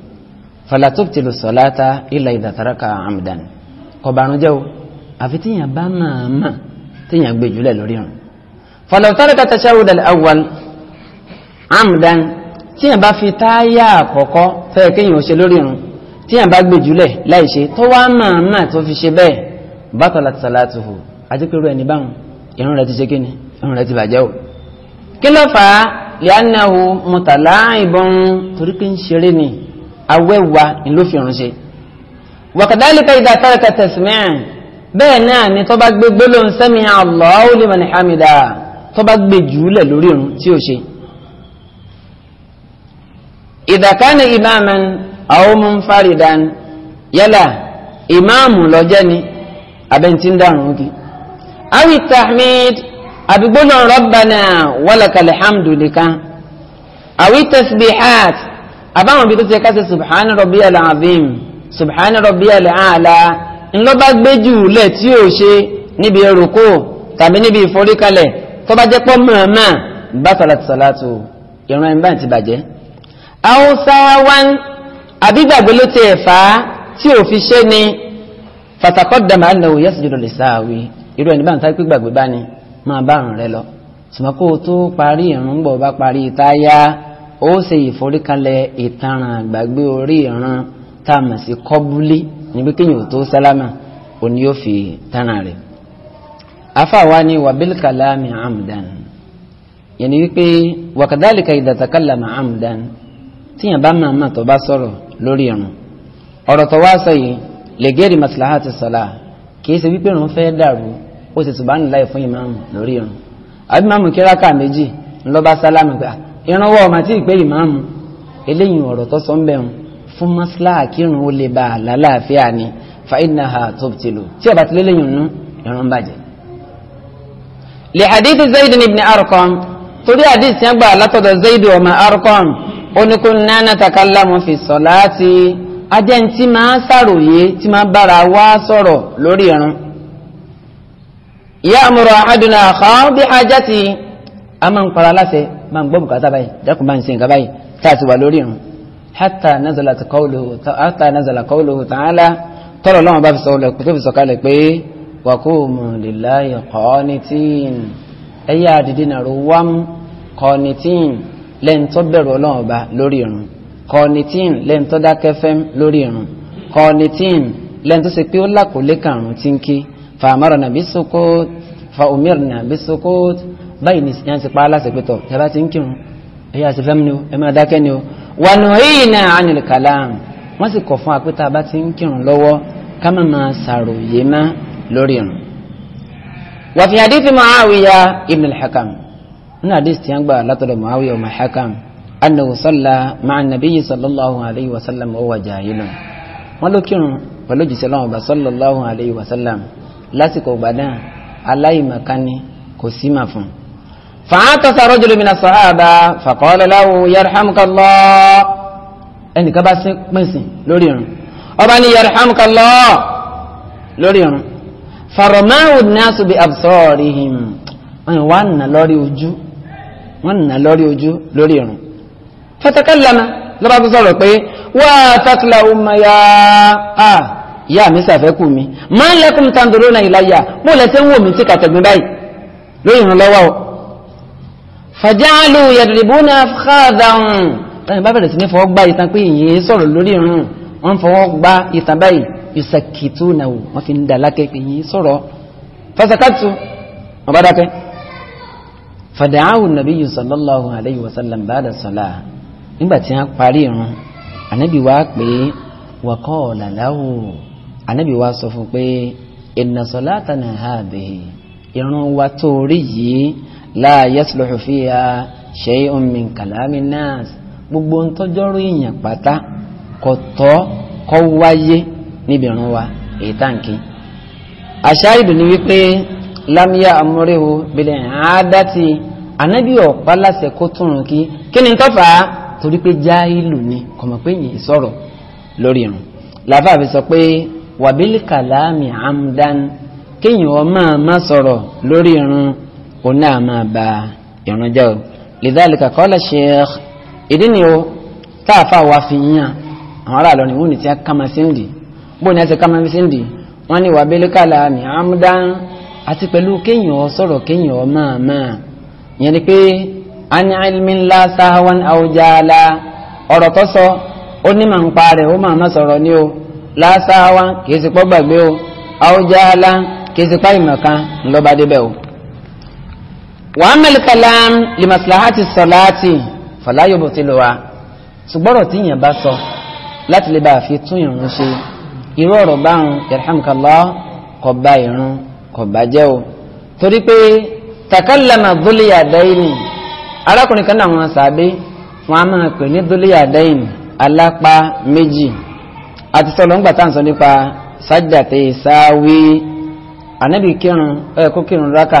falatubtilu salata illa idha taraka amdan kọ̀bàrún jẹ́ o àfi tíyàn bá máa mà tíyàn gbé jùlẹ̀ lórí irun falaw taraka tashahhud al-awwal amdan tíyàn bá fi táyà àkọ́kọ́ fẹ́ẹ̀ kéèyàn ó tí yàn bá gbè jùlẹ̀ láì ṣe tó wá máa máa tó fi ṣe bẹ́ẹ̀ bátàlá ti sàlátù hù àti pẹ̀lú ẹni báwọn irun rẹ̀ ti ṣe kíni irun rẹ̀ ti bàjẹ́ o. kí ló fà á lianahu mutala ìbọn torí pé ń ṣeré ni awẹ́wà ńlọ́fìrún ṣe. إذا كان إماما أو منفردا يلا إمام لجني أبنتين دانوكي أو التحميد أبقول ربنا ولك الحمد لك أو التسبيحات أبام بتسيكاس سبحان ربي العظيم سبحان ربي الأعلى إن لو بات بجو لتيوشي نبي ركو tàbí níbi ìforíkalẹ̀ tó bá jẹ́ pọ́ mọ̀ọ́mọ́ bá sàlátì sàlátì ìran ẹ̀ ń bá ti bàjẹ́ awusawan àbígbàgbé ló ti ẹ̀fà tí ò fi ṣe ni fatakọ́dàmà ànáwó yẹ́sìdìdò lè sáàwí irú ẹni báyìí táwọn gbàgbé bá ní máa bá àrùn rẹ lọ sùmọ́kò tó parí ìrun bọ̀ bá parí ìtayá ó ṣe ìforíkalẹ̀ ìtaràn gbàgbé orí ìran tá a mọ̀ sí kọ́búlé níbi kéèyàn tó sálámà òní yóò fi tánà rẹ̀ afáwa ni wàbílkàlámì amdan yẹn ni wípé wàkàdálìkà ìdàtàkàlámà amdan tíyàn bá máa máa tó bá sọ̀rọ̀ lórí irun ọ̀rọ̀ tó wá sọ yìí lè gẹ́rì maslaha ti sọ̀la kìí ṣe wípé irun fẹ́ dàrú ó sì tùbá nílá ìfún ìmáàmù lórí irun àbí máàmù kíráka méjì ńlọ́ba sálámù pé irun wọ ọmọ tí ì pé ìmáàmù eléyìí ọ̀rọ̀ tó sọ ń bẹ̀rù fún maslaha kírun ó lè ba àlàáfíà ni fàínàhà tó ti lò tí ọba ti lélẹ́yìn nú irun bàjẹ́. torí hadith yẹn gbà látọ̀dọ̀ zayd ọmọ arqam oníkun nánà takalamu fi sọláàtì ajẹ́ntì máa sàròyé tí máa bára wá sọ̀rọ̀ lórí irun. ìyá àmúrò àdùnnà àkàn bí ajá ti a máa ń para láṣẹ máa ń gbọ́ bùkátà báyìí jákùn bá ń ṣe nǹkan báyìí tá a ti wà lórí irun. hátà nazala kọ́ọ̀lù hátà nazala kọ́ọ̀lù tààlà tọ́lọ̀ lọ́wọ́n bá fi sọ lẹ̀ tó fi sọ kalẹ̀ pé wàkúùmù lillahi qanitin ẹ̀yà àdìdínà rò wám lẹ́ńtọ́ bẹ̀rù ọlọ́run ọba lórí irun kọ́nitín lẹ́ńtọ́ dákẹ́ fẹ́m lórí irun kọ́nitín lẹ́ńtọ́ ṣe pé ó làkólé kàrún tí ń ké fàmọ́rọ̀ nàbí sokot fàomir nàbí sokot báyìí ni yàn ti pa á láti pétọ̀ ẹ bá ti ń kírun ẹ yà sí fẹ́m ni o ẹ máa dákẹ́ ni o wà nù yìí náà ànil kàlàm wọ́n sì kọ̀ fún wa hakam nínú àdìs tí a ń gbà látọ̀dọ̀ muawiya ọmọ hakam annahu salla ma'a nabiyyi sallallahu alayhi wa sallam wa huwa jahilun wọn ló kírun pẹ̀lú jìṣẹ́ lọ́wọ́ bá sallallahu alayhi wa sallam lásìkò gbàdán aláìmọ̀kánni kò sí mà fún. fa'atasa rajulun mina sahaba faqala lahu yarhamukallah ẹnìkan bá pèsè lórí irun ọba ní yarhamukallah lórí irun faromahu nasu bi absorihim wọn wà nà lórí ojú wọ́n nà lórí ojú lórí irun fatakallama lọ́ba tó sọ̀rọ̀ pé wà á takla ọmọ ya a ìyá mi sàfẹ́kù mi máa ń lẹ́kùn tàǹdòrò náà ìlàyà mo lẹ́sẹ̀ ń wò mí sí kàtẹ́gbẹ́ báyìí lórí irun lọ́wọ́ o fàjáàlù yadribuna náà wọ́n fàdáhùn nàbíyù sallallahu alayhi wa sallam ba'da sọlá nígbà tí wọ́n parí irun ànábì wá pé wa qala lahu ànábì wá sọ fún pé inna salatana hadhihi irun wa tó rí yìí la yasluhu fiha shay'un min kalami nas gbogbo ntọ́jọ́rò èèyàn pátá kò kọ́ wáyé níbi irun wa èyí tàǹkì àṣà ìdùnnú wípé lámìyà amúréhu bìlẹ̀ àádáti ànábì ọ̀pá láṣẹ kó túrun kí kí ni tọ́fà torí pé jáìlù ni kọ̀mọ̀ pé yìí sọ̀rọ̀ lórí irun làbá fi sọ pé wàbílì kàlámì amdan kéèyàn ma ma soro lórí irun òun náà máa ba irun jẹ́ o lidhalika qala sheikh ìdí ni o táàfà wa fi yàn àwọn ará lọ́rin wọ́n ní tí a kà máa sí ń dì bóun ní a ti kà máa amdan àti pẹ̀lú kéèyàn sọ̀rọ̀ kéèyàn máa máa yẹn ni pé ani ilmin la sahawan aw jala ọ̀rọ̀ tó sọ ó ní màá ń pa rẹ̀ ó màá má sọ̀rọ̀ ni o la sahawan kìí sì pọ́ gbàgbé o aw jala kìí sì pa ìmọ̀kan ńlọ́ba débẹ̀ o. wa amal kalam li maslahati salati fala yubtiluha ṣùgbọ́rọ̀ tí yẹn bá sọ láti lè bá a fi tún ìrún ṣe irú ọ̀rọ̀ báwọn yarhamukallah kò o torí pé takallama dúlíyà dáìní arákùnrin kan náà wọn sàbí wọn a máa pè ní dúlíyà alápá méjì àti sọlọ nípa sájàtẹ ànábì kírun kírun rákà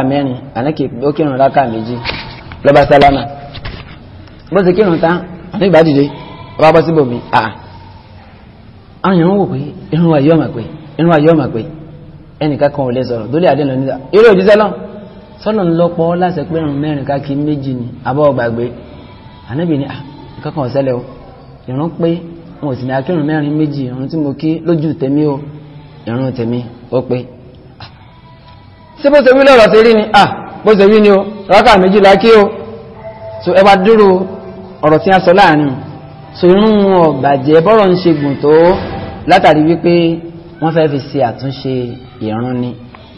ó kírun rákà méjì lọba sálámà ẹnìkan kan ò lè sọ̀rọ̀ tó lè àdéhùn lọ níta eré òjíṣẹ́ náà sọ́nà ń lọ́pọ̀ láti pé ìrun mẹ́rin káàkì méjì ni abọ́ gbàgbé ànábì ni kankan ah, ọ̀sẹ́lẹ̀ o ìrun pé wọn ò sì ní akírun mẹ́rin méjì ìrun tí mo kí lójú tèmi o ìrun tèmi ó pé ah. ṣé bó ṣe wí lọ́rọ̀ ṣe rí ni à ah, bó ṣe wí ni o rákà méjì la kí o so ẹ bá dúró ọ̀rọ̀ tí a sọ láàrin so irun ọ̀bàjẹ́ bọ́rọ̀ ń ṣe gùn tó látàrí wípé wọ́n fẹ́ fi ṣe àtúnṣe ìrun ni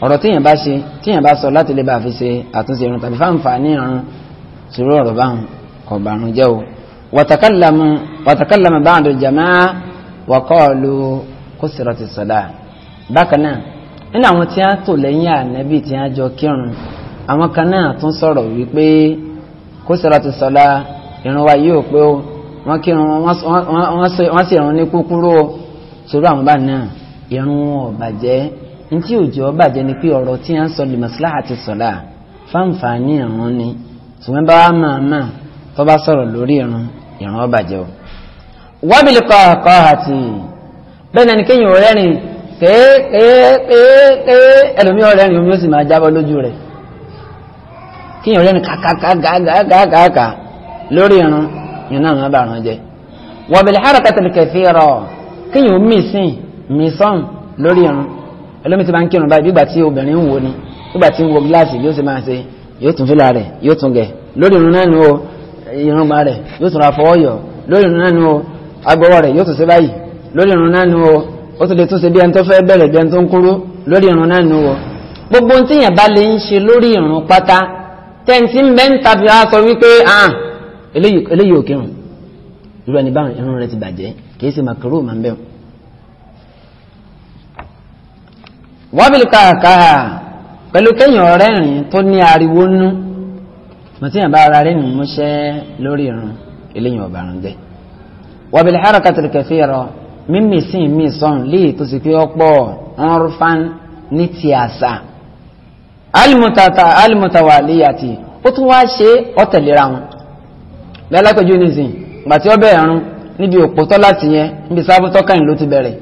ọ̀rọ̀ tíyàn bá ṣe tíyàn bá sọ láti lè bá fi ṣe àtúnṣe ìrun tàbí fáǹfààní ìrun sùúrù ọ̀rọ̀ báwọn kò bàrún jẹ́ o wàtàkàlàmù wàtàkàlàmù báàdù jamaa wàkọ́ọ̀lù kùsìrọ̀tì sọ̀dá bákan náà nínú àwọn tí a tò lẹ́yìn ànábì tí a jọ kírun àwọn kan náà tún sọ̀rọ̀ wípé kùsìrọ̀tì sọ̀dá ìrun wa yóò pé o wọ́n kírun wọ́n sì rún ní kúkúrú o sùúrù àwọn bá náà ìrun wọn ò bàjẹ́ ntí òjò ọba jẹ́ ni pé ọ̀rọ̀ tí a ń sọ lè mọ̀síláhà ti sọ̀lá fáǹfààní ìrún ni ṣùgbọ́n bá wà máa máa tó bá sọ̀rọ̀ lórí ìrún ìrún ọba jẹ́ o. wábìlì kọ́ àkọ́ àti bẹ́ẹ̀ náà ni kéèyàn rẹ́rìn kéékéékéé ẹlòmí ọ̀rẹ́rìn omi ó sì máa jábọ́ lójú rẹ̀ kéèyàn rẹ́rìn kàkàkàkàkàkà lórí ìrún ìrún náà máa bàrún jẹ́ wábìlì hàràkàtàlì kẹfì rọ kéèyàn mí sìn mí lórí ìrún ẹlòmíì ti máa ń kírun báyìí bí ìgbà tí obìnrin ń wo ni nígbà tí ń wo gíláàsì yóò ṣe máa ṣe yóò tún fìlà rẹ̀ yóò tún gẹ̀ lórí irun náà ni o irun gba rẹ̀ yóò tún ra fọwọ́ yọ lórí irun náà ni o agbọwọ́ rẹ̀ yóò tún ṣe báyìí lórí irun náà ni o ó tún lè tún ṣe bí ẹni tó fẹ́ bẹ̀rẹ̀ bí ẹni tó ń kúrú lórí irun náà ni o gbogbo ohun tíyàn bá lè ń ṣe lórí irun pátá tẹ́ǹtì wábìlì káàkáà pẹ̀lú kéèyàn ọ̀rẹ́rìn tó ní ariwo nú mọ̀tíyàn bá ara rẹ́rìn múṣẹ́ lórí irun eléyìn ọ̀bàrún jẹ́ wábìlì harakatil kathira mímì sí mi sọ̀n léyìí tó sì pé ọ̀pọ̀ ọ̀rùfán ní ti àṣà alimutata alimitawaliyati ó tún wá ṣe ọ̀tẹ̀lera wọn lẹ́lápẹ̀jú nísìn gbàtí ọbẹ̀ ẹ̀rún níbi òpótọ́ láti yẹn níbi sábútọ́ ló ti bẹ̀rẹ̀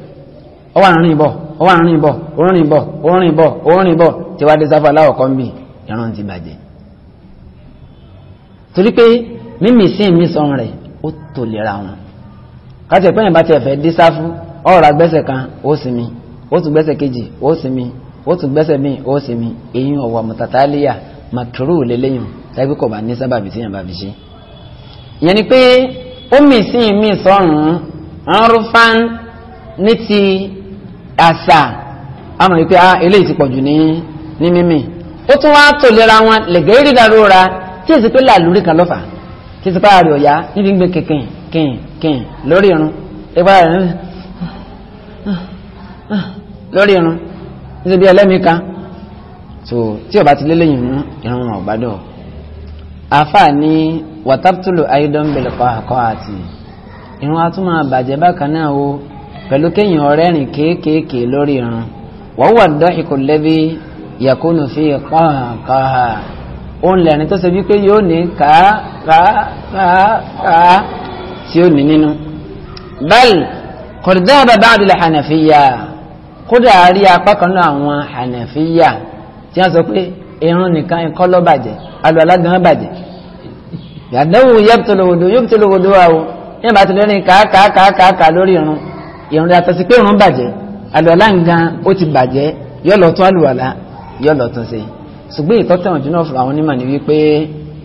ọ wà nínú ìbọ̀ ó wà rìn bọ̀ ó rìn bọ̀ ó rìn bọ̀ ó rìn bọ̀ tí wàá dé sáfà láwọ̀ kan bì ìran ti bàjẹ́. torí pé mímì sí ìmísàn rẹ̀ ó tò lera wọn káti ẹ̀pẹ́yìn bá tiẹ̀ fẹ́ dé sáfù ọ̀rọ̀ agbẹ́sẹ̀ kan ó sì mi ó tún gbẹ́sẹ̀ kejì ó sì mi ó tún gbẹ́sẹ̀ míì ó sì mi èyí ọ̀wọ̀ mọ̀tàtàlíyà màkìrú lélẹ́yìn tàbí kò bá ní sábàbí tí yẹn fi ṣe. ìyẹn ni pé ó mì sí ìmí sọ̀rùn ọ̀rùfán ní ti àṣà àmọ̀ wípé ah eléyìí ti pọ̀ jù ní ní mímì ó tún wá tò lera wọn lẹ̀gẹ́ rí darúra tí èsì pé làlúrí kan lọ́fà kí èsì pààrọ̀ ọ̀yá níbi ń gbé kìnkìn kìnkìn lórí irun ipa rẹ̀ lórí irun níbi ẹlẹ́mìí kan tó tí ọba ti lélẹ́yìn irun ọ̀gbádọ̀ pẹ̀lú kéèyàn ọ̀rẹ́rìn kéékèèké lórí irun wọ́n wà dọ́ìkù lẹ́bí yakunu fi kọ́hàkọ́hà òun lẹ́rìn tó ṣe bí pé yóò ní kàá kàá kàá kàá tí ó ní nínú. bẹ́ẹ̀ kọ̀dá bàbá àdìlẹ̀ hànàfíyà kódà rí apá kan náà àwọn hànàfíyà tí wọ́n sọ pé irun nìkan ikọ́ ló bàjẹ́ alọ́ alágan bàjẹ́ yàdánwò yẹ́pùtòlòwòdò yóò pùtòlòwòdò wa o yẹ́n bá ti lórí kàá kàá kàá kàá lórí irun ìrun yàtọ̀ sí pé ìrun bàjẹ́ àlùwàlá nǹkan ó ti bàjẹ́ yóò lọ tún àlùwàlá yóò lọ tún ṣe ṣùgbọ́n ìtọ́tẹ̀wọ̀n jùlọ fún àwọn onímọ̀ ni wípé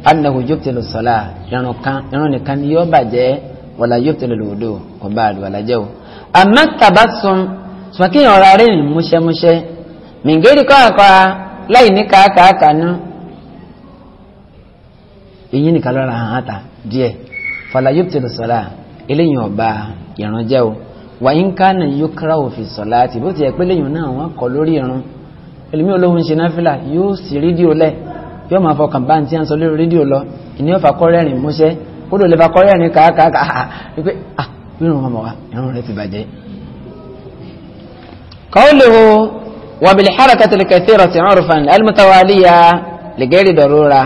annahu yubtilu sọ́lá ìrun kan ìrun nìkan ni yóò bàjẹ́ wala yubtilu lòdò kò bá àlùwàlá jẹ́ o. àmọ́ tabassum sùmọ́kìyàn ọ̀rọ̀ rẹ̀ ń múṣẹ́múṣẹ́ mìngérì kọ́ọ̀kọ́ láì ní kàákàákàánú èyí nìkan lọ́ra hàn án ta díẹ̀ wàyí ń kánà yóò kíra òfin sọ̀lá àti bó ti yẹ pé lẹ́yìn náà wọ́n kọ́ lórí irun ẹlòmíì olóhùn ṣe náfìlà yóò sì rédíò lẹ̀ yóò máa fọkàn bá ti ń sọ lórí rédíò lọ ìní ọ̀fà kọ́rẹ́rìn múṣẹ́ ó lò lè fa kọ́rẹ́rìn kàákàá wípé ah irun ọmọ wa irun rẹ ti bàjẹ́. kọ́ọ̀lùhù wàbìlì harakati kẹsì rọ̀tì ọ̀rùfàn alimutawaliya lẹ́gẹ́rì dọ̀rọ̀ra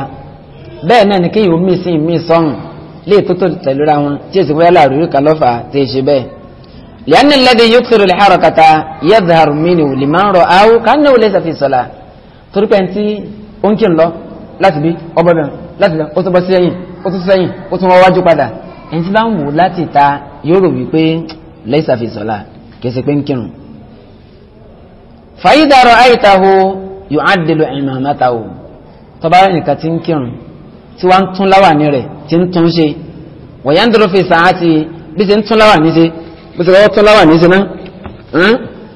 bẹ́ẹ̀ náà ni kéèyàn mí sí mí sọ́hùn lè tó tó tẹ̀lé ra wọn tí èsì لأن الذي يكثر الحركة يظهر منه لمن رآه كأنه ليس في صلاة torí pé ẹntì oúnjẹ ńlọ láti bí ọbọ bẹ̀rẹ̀ láti lọ ó tún bọ́ sí ẹ̀yìn ó tún sẹ́yìn ó tún wọ́n wájú padà ẹntì bá ń wò láti ta yóò rò wípé ليس في صلاة kẹsì pé ń kírun. فإذا رأيته يعدل إمامته tọ́ba rẹ̀ nìkan ti ń kírun tí wọ́n ń tún láwàní rẹ̀ ti ń tún ṣe وينظر في ساعته bí ti ń tún láwàní ṣe bísọ̀rọ̀ ọ̀tọ́ láwà ní sinna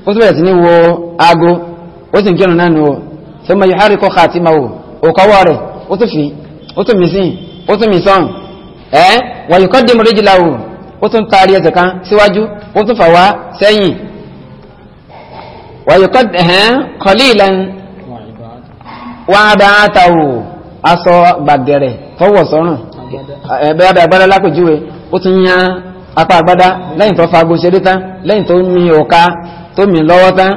ó sì bẹ̀rẹ̀ sí ní wo aago ó sì ń kírun náà nù o ṣé mo yí hárí kọ́ ká àti máa wò òkọ́wọ́ rẹ̀ ó tún fi ó tún mi sí ó tún mi sọ́n ẹ́ wàyí kọ́ dé mọ́rẹ́jì láwò ó tún taari ẹsẹ̀ kan kọ́ ẹ̀hẹ́n ó tún apá agbádá lẹ́yìn tó fagbó ṣeré tán lẹ́yìn tó mi ọ̀ka tó mi lọ́wọ́ tán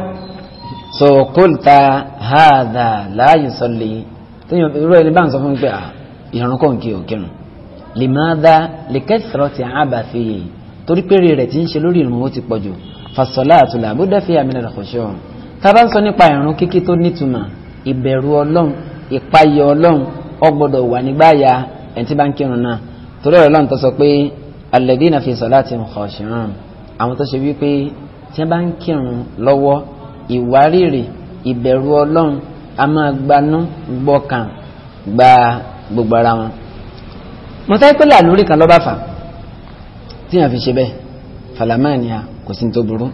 so kólta haada láàyè sọlẹ tóyìn irú ẹni bá ń sọ fún mi pé ìrún kò ń kí òkèrùn lèmọ́dá lèkẹ́sìrọ̀ ti àbà fi torí péré rẹ̀ ti ń ṣe lórí ìrún ó ti pọ̀ jù fasọlá àtúlẹ̀ àbúdá fi àmì rẹ̀ kò ṣe ọ̀ tá a bá ń sọ nípa ìrún kíkí tó nítumọ̀ ìbẹ̀rù ọlọ́run ìpayọ̀ ọlọ́run ó gbọ́dọ̀ wà nígbàyà ẹni tí bá ń kírun náà torí ọlọ́run tó sọ pé alladhina fi salatihim khashi'un àwọn tó ṣe wípé tí wọ́n bá ń kírun lọ́wọ́ ìwárìrì ìbẹ̀rù ọlọ́run a máa gbanú gbọ́kàn gba gbogbo ara wọn. mo sáré pé làlórí kan lọ́ba fà tí wọ́n fi ṣe bẹ́ẹ̀ falamania kò sí ní tó burú.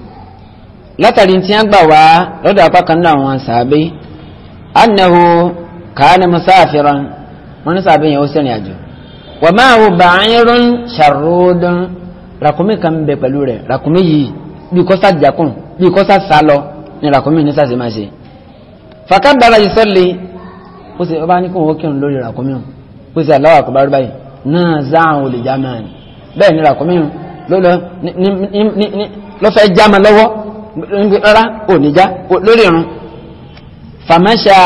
látàrí tí wọ́n gbà wá lọ́dọ̀ apá kan náà wọn sàbẹ̀ annahu kana wọn ní sàbẹ̀ yẹn ó sẹ́rìn àjò wọ́n máa wò bàárún ṣàròdún ràkúnmí kan bẹ pẹ̀lú rẹ̀ ràkúnmí yìí bí kọ́sà jàkùn bí kọ́sà sálọ ni ràkúnmí ní sàṣẹ máa ṣe. fàkàdàrà yìí sọ́lẹ̀ ó sì ọba ní kò wọ́n kírun lórí ràkúnmí o ó sì aláwọ̀ àkọ́bá rẹ̀ báyìí náà záàrùn olè jámà ni bẹ́ẹ̀ ni ràkúnmí o lọ́fẹ̀ẹ́ jámà lọ́wọ́ rárá òníjà lórí irun fàmáṣà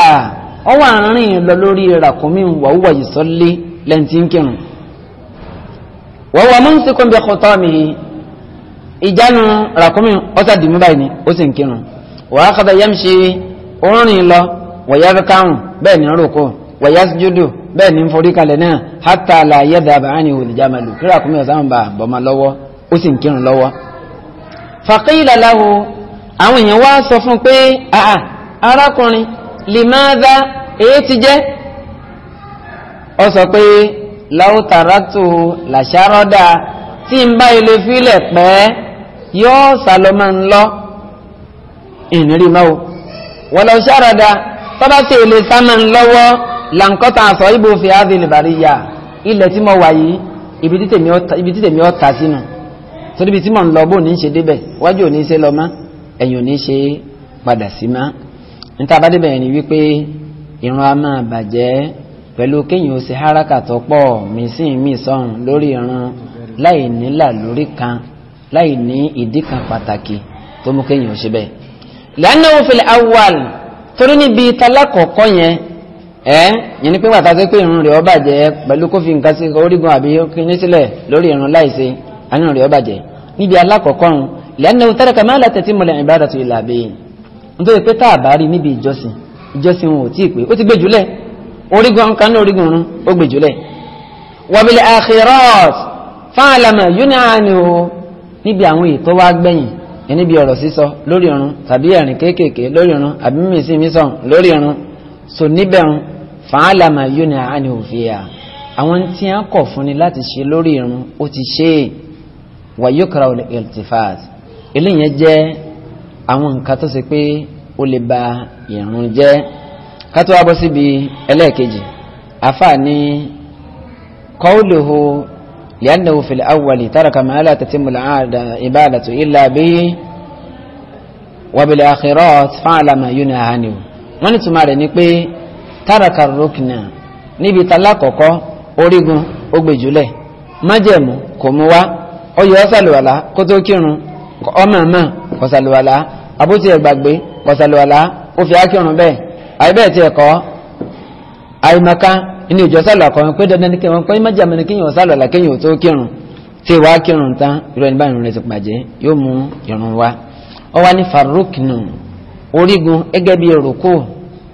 ọwọ́ àárín lọ lórí ràkúnmí wàhùwà yìí sọ́lẹ̀ lẹ́yìn tí ń kírun wọ́n wọ́n mún sí kọ́ńbẹ́ kọ́tọ́ mi ìjánu ràkúnmí ọ̀sà dìmú báyìí ni ó sì ń kírun wọ́n akọ́dọ̀ yẹ́m ṣe orin lọ wọ̀yá kárùn bẹ́ẹ̀ ni rúkọ wọ̀yá júdù bẹ́ẹ̀ ni ń forí kalẹ̀ náà hátà àlàyé dàbà á ti jẹ́ ó sọ pé láwùtàràtù làṣàrọ́dà tí ń bá ilé fílẹ̀ pẹ́ yóò sàlọ́mọ́ ń lọ ìnírí máwo wọ́n lọ ṣàrọ́dà tọ́ba tí ilé sámọ́ ń lọ́wọ́ làǹkọ́tà àsọ ìbò fi áàdì ìbàríyà ilẹ̀ tí mo wà yìí ibi tí tèmi ọ̀ ta sínú torí tí mò ń lọ bò ní ṣe débẹ̀ wájú ò ní ṣe lọ mọ́ ẹ̀yìn ò ní ṣe padà sí mọ́ níta bá ni wípé ìran a máa bàjẹ́ pẹ̀lú kéèyàn ó ṣe haraka tó pọ̀ mísìn mísàn lórí ìran láì nílà lórí kan láì ní ìdí kan pàtàkì tó mú kéèyàn ṣe bẹ́ẹ̀. lẹ́nu òfìlẹ̀ awal torí níbi ìtàlákọ̀ọ́kọ́ yẹn ẹ yẹn ni pé wàtá sí pé irun rẹ̀ ó bàjẹ́ pẹ̀lú kófin nǹkan sí orígun àbí kíní sílẹ̀ lórí ìran láì ṣe àníyàn rẹ̀ ó bàjẹ́ níbi alákọ̀ọ́kọ́ ń lẹ́nu tẹ́lẹ̀kẹ́ máa lẹ́tẹ̀ tí mo lè nítorí pé tá níbi ìjọsìn ìjọsìn wọn ò tí pé ó ti gbé jùlẹ̀ orígun kan ní orígun ọ̀run ó gbèjúlẹ̀ wabil akhirat fáàlàmà yúnáàni o níbi àwọn ètò wa gbẹ̀yìn níbi ọ̀rọ̀ sísọ lórí ọ̀run tàbí ẹ̀rìn kéékèèké lórí ọ̀run àbí mímísí mísàn lórí ọ̀run so níbẹ̀ ọ̀run fàálàmà yúnáàni ò fi hà àwọn tí a kọ̀ kátó wá bọ́ síbi ẹlẹ́ẹ̀kejì àfààní kọ́ọ̀lùhù li'annahu fil awwali taraka ma la tatimmu al-ibadatu illa bihi wa bil akhirati fa'ala ma yunha anhu wọ́n ní túmọ̀ rẹ̀ ni pé taraka rukna níbi talákọ̀ọ́kọ́ orígun ó gbèjúlẹ̀ májẹ̀mú kò mú wá ó yọ ọ́sàlùwàlá kó tó kírun ọmọ ọmọ ọ̀sàlùwàlá abótiẹ̀ gbàgbé ọ̀sàlùwàlá ó fi á bẹ́ẹ̀ àìbẹ́ẹ̀ tí ẹ̀kọ́ àìmọ̀ká inú ìjọ sálọ àkọ́rin pé dandan kí wọ́n pé májàmọ́ ní kíyàn sálọ àlà tó kírun tí kírun tán irú ẹni báyìí rẹ̀ ti pàjẹ́ yóò mú irun wá ọ wá ní farukinu orígun gẹ́gẹ́ bí rúkú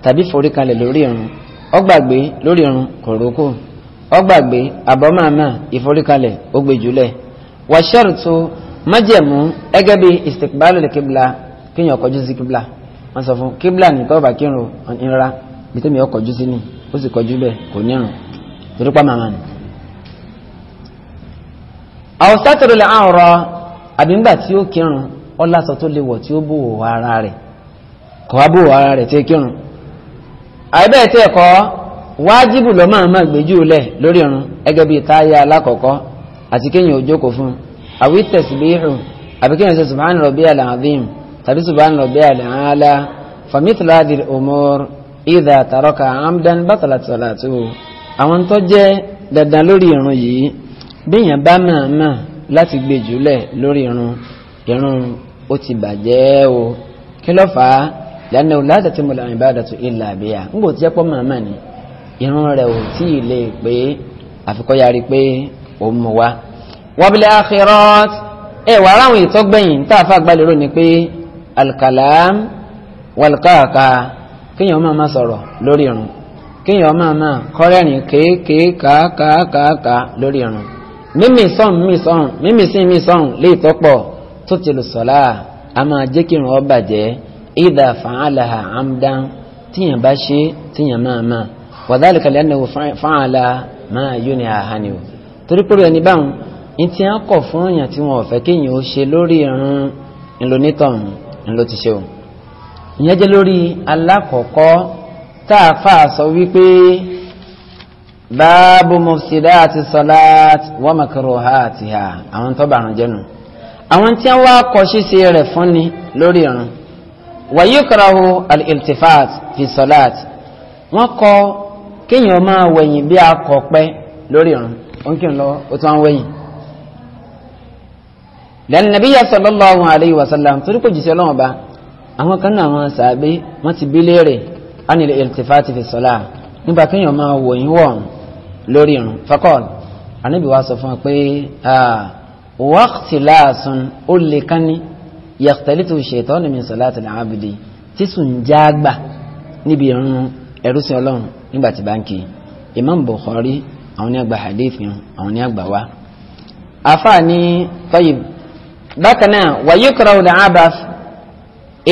tàbí foríkalẹ̀ lórí irun ó gbàgbé lórí irun kò rúkú gbàgbé ìforíkalẹ̀ ó gbé wọ́n sọ fún kíbla ní kọ́ọ̀bà kírun ìnira bìtẹ́ mi ò kọjú sí ni ó sì kọjú bẹ́ẹ̀ kò ní ìrùn torí pa màmá ni. àwọn sátìrì lè hàn rọ àbí ńgbà tí ó kírun ó láṣọ tó lè wọ̀ tí ó bòwò ara rẹ̀ kọ́ wá bòwò ara rẹ̀ tí ó kírun. àìbẹ́ẹ̀ tí ẹ̀kọ́ wájibù lọ́ máa máa gbèjú lẹ̀ lórí irun gẹ́gẹ́ bíi táyà alákọ̀ọ́kọ́ àti kéèyàn ò jókòó fún àwítẹ̀síbíhù àbí kéèyàn ṣe subhana rabbiyal azim tàbí subhana rabbiyal aala famithlu hadhihi al-umur idha taraka amdan batalat salatuhu àwọn tó jẹ́ dandan lórí irun yìí bíyàn bá máa máa láti gbé jùlẹ̀ lórí irun irun ó ti bàjẹ́ o kí ló fà á lẹ́nu láti tí mo lọ ìbádàtú illa biha ń bò tí ẹ pọ́ màmá ni irun rẹ̀ ò tí ì lè pé àfikọ́yàrí pé ó mú wa. wabil akhirat ẹ wàá ráwọn ìtọ́gbẹ̀yìn tá a fà gbalẹ̀ rò ní pé alkalam walkaaka kéèyàn máa máa sọ̀rọ̀ lórí irun kéèyàn máa máa kọ́rẹ́rìn kéèké kàákàákàá lórí irun mímì sọ̀n mímì sọ̀n mímì sí mímì sọ̀n lè tọ́pọ̀ tó ti lù sọ̀lá a máa jẹ́ kí irun ó bàjẹ́ ìdá fàálàhà amdan tíyàn bá ṣe tíyàn máa máa wàdálìkà lẹ́nu fàálà máa yún ní àhánì o torí pé ẹni báwọn ní ti fún èèyàn tí wọn ò fẹ́ kéèyàn ó ṣe lórí irun ìlónítọ̀hún ńlọ ti ṣe o ìyẹn jẹ́ lórí alákọ̀ọ́kọ́ tá a fà sọ wípé báàbù mufsidá àti sọláàt wa makruhatiha àwọn tó bàrùn jẹ́nu àwọn tí wọ́n wá kọ́ ṣíṣe rẹ̀ fún ni lórí irun wa yukrahu al-iltifat fi sọláàt wọ́n kọ́ kéèyàn máa wẹ̀yìn bí akọ̀pẹ́ lórí irun ó ń kírun lọ ó tún wá wẹ̀yìn lẹ́nu nàbí yà sallallahu alayhi wa sallam torí kò jìṣẹ́ lọ́wọ́ bá àwọn kan náà wọn sàbẹ̀ wọ́n ti bí léèrè ánìlẹ̀ iltifati fi sọ́lá nígbà kéèyàn máa wò yín wọ̀ lórí irun fakọ́l ànábì wa sọ fún wa pé waqtilasun ó lè kání yakhtalitu shaytanu min salati al-abdi tí sùn jágbà níbi irun ẹrú sí ọlọ́run nígbà tí báńkì imam bukhari àwọn ní àgbà hadith yẹn àwọn ní àgbà wa afa ni tayyib bákan náà wàyí kọ́ra ọ̀dà abas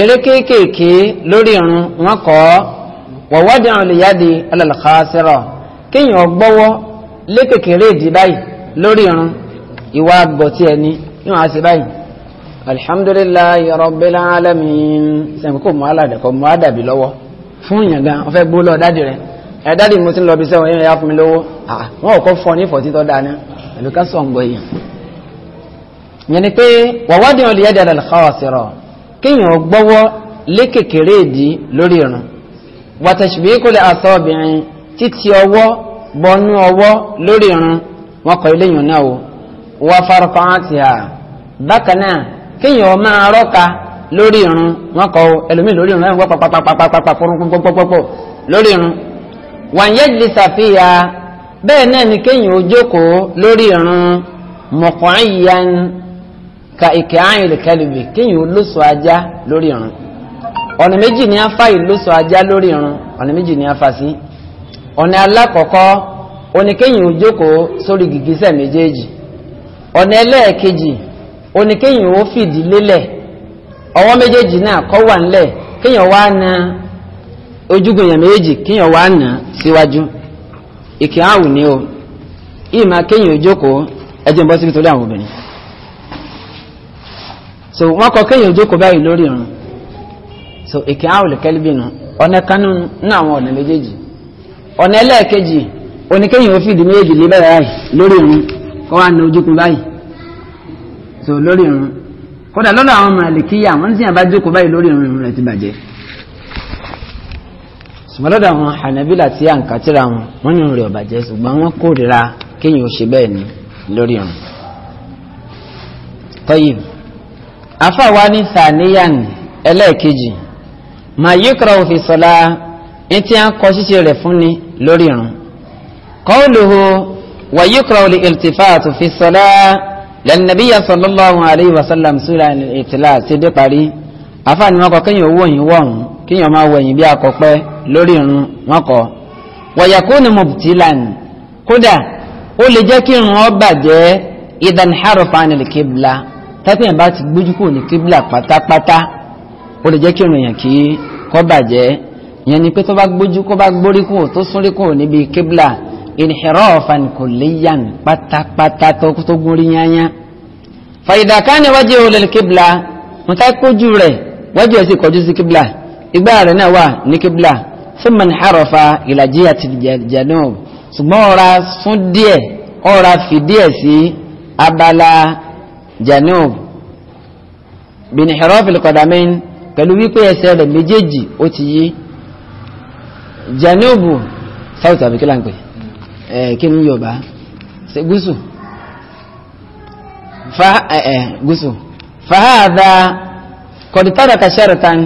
eré kéékèèké lórí irun wọn kọ́ wọ̀wọ́dì àwọn olùyáde alàlùkọ́sẹ́rọ̀ kéèyàn gbọ́wọ́ lékèkèrè ìdí báyìí lórí irun ìwà àgbọ̀tì ẹni níwọ̀n á sí báyìí alhamdulillahi rabbil alamin sẹ́mi kò mọ aládàkọ mọ àdàbí lọ́wọ́ fún ìyàngá wọn fẹ́ gbó lọ dáàdì rẹ ẹ dáàdì mo ti lọ bí sẹ́wọ̀n yẹn ya fún mi lówó ah, ah, wọn kọ́ fọ ní ìfọ̀títọ́ dáná ẹ̀lú ká sọ̀ ń gbọ́ yìí yẹn ni pé wàwádìí wọn lè yá dáadáa lọ́kọ́ ọ̀sẹ̀rọ̀ kéèyàn gbọ́wọ́ lé kékeré ìdí lórí irun wàtàṣìbí kò lè àtọ́ obìnrin títí ọwọ́ bọnú ọwọ́ lórí irun wọn kọ ilé yìí náà o wà farukọ àti hà bákan náà kéèyàn máa rọ́ka lórí irun wọn kọ ẹlòmíì lórí irun ẹ̀wọ̀n pàpàpàpàpàpà pọ̀rọ̀pọ̀pọ̀pọ̀ lórí irun wànyẹ́ lè ṣàfihàn bẹ́ẹ̀ náà ni kéèyàn ó jókòó lórí irun mọ̀kànlá ka ìkẹ́ àyìn lè kẹ́lùbì kéyìn olóso ajá lórí irun ọ̀nà méjì ni a fa ìlóso ajá lórí irun ọ̀nà méjì ni a fa sí ọ̀nà alákọ̀ọ́kọ́ oníkéyìn ojókòó sórí gìgísẹ̀ méjèèjì ọ̀nà ẹlẹ́ẹ̀kejì oníkéyìn ó fìdí lélẹ̀ ọwọ́ méjèèjì náà kọ́ na méjèèjì na síwájú ìkẹ́ o ìmà kéyìn ẹjẹ́ ń bọ́ síbi torí so wọn kọ kéèyàn jókòó báyìí lórí irun so èké àwọn olùkẹ́lẹ́bí nu ọ̀nà kanú ní àwọn ọ̀nà méjèèjì ọ̀nà ẹlẹ́ẹ̀kejì oníkéèyàn ó fìdí méjèèjì lé báyìí lórí irun kọ́ wa na ojúkun báyìí so lórí irun kódà lọ́dọ̀ àwọn màlìkíyà wọ́n ti yàn bá jókòó báyìí lórí irun rẹ̀ ti bàjẹ́ lọ́dọ̀ àwọn hànàbílà kàtíra wọn wọ́n ní wọ́n kéèyàn ó ṣe bẹ́ẹ̀ ni lórí irun afáwa ní sàníyàn ẹlẹ́ẹ̀kejì mà yíkọrọ òfin sọlá ní tí a ń kọ ṣíṣe rẹ̀ fún ni lórí irun kọ́ọ̀lùhù wà yíkọrọ òlì ìltìfáàtù fi sọlá lẹ́nàbíyà sallallahu alayhi wa sallam sura ìtìlá ti dé parí afáà ni wọ́n kọ kéèyàn owó òyìn wọ̀hún kéèyàn máa wẹ̀yìn bí akọ̀pẹ́ lórí irun wọn kọ wàyàkúnni mubtilan kódà ó lè jẹ́ kí irun ó bàjẹ́ idan harufa kibla tẹ́tẹ̀yìn bá ti gbójú kò ní kíbla pátápátá ó lè jẹ́ kí ìrìn yàn kí kọ́ bàjẹ́ ìyẹn ni pé tó bá gbójú kó bá gbórí kù tó súnrí kù níbi kíbla inhirafan kulliyan pátápátá tó gún rí yányá. fa idha kana wajhu lil kíbla mo tá kójú rẹ̀ wájú ẹ̀ sì kọjú sí kíbla igbá rẹ̀ náà wà ní kíbla thumma inharafa ila jihati janub ṣùgbọ́n ọ̀ra sún díẹ̀ ọ̀ra fìdíẹ̀ sí abala janub bin hirafil qadamain pẹ̀lú wípé ẹsẹ̀ rẹ̀ méjèèjì ó ti yí janubu south àbí kí láǹpẹ̀ ẹ̀ kí ní yorùbá ṣe gúúsù gúúsù fàáàdà kọ̀dítàdà kàṣẹ́rẹ̀tàn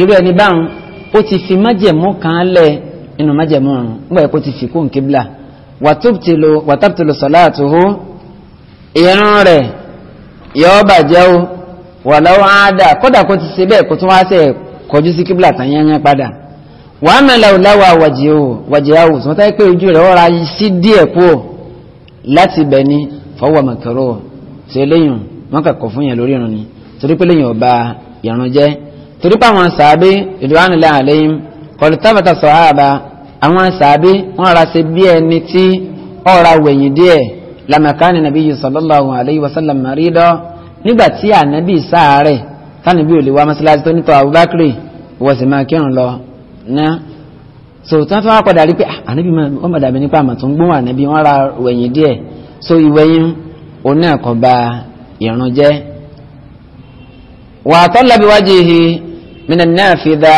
irú ẹni báhùn ó ti fi májẹ̀mú kan lẹ̀ inú májẹ̀mú ọ̀run nígbà ẹ̀kọ́ ti fi kún kíbla wàtàbtìlò sọ̀láàtò hó ìyẹn rẹ̀ yọ́ bàjẹ́ o wà lọ́wọ́ àádà kódà kó ti ṣe bẹ́ẹ̀ kó tún wá sẹ́ kọjú sí kíbla tán yányán padà wà á mẹ́lẹ̀ òláwà wàjẹ́ o wàjẹ́ o sọ táyé pé ojú rẹ̀ ọ̀ra sí díẹ̀ kú o láti bẹ̀ ni fọwọ́ mọ̀kẹ́rọ̀ ṣe léyìn wọn kàkọ́ fún yẹn lórí irun ni torí pé léyìn ọba ìrun jẹ́ torí pé àwọn sàábé ìdúránilẹ̀ wọn ra ṣe bí ẹni tí ọ̀ra wẹ̀yìn díẹ̀ lamakani nabi sallallahu alayhi wa sallam marido nígbà tí ànábì sáàárẹ̀ tánàbí ò lè wá mọ́sálásí tó nítọ́ abubakar wọ́n sì máa kírun lọ náà so tí wọ́n tún wá padà rí pé ah, ànábì wọ́n mọ̀ dàbí nípa àmọ̀tún gbóhùn ànábì wọ́n ra wẹ̀yìn díẹ̀ so ìwẹ̀yìn òun náà jẹ́. wà á tọ́ lábí wajhihi minan nafidha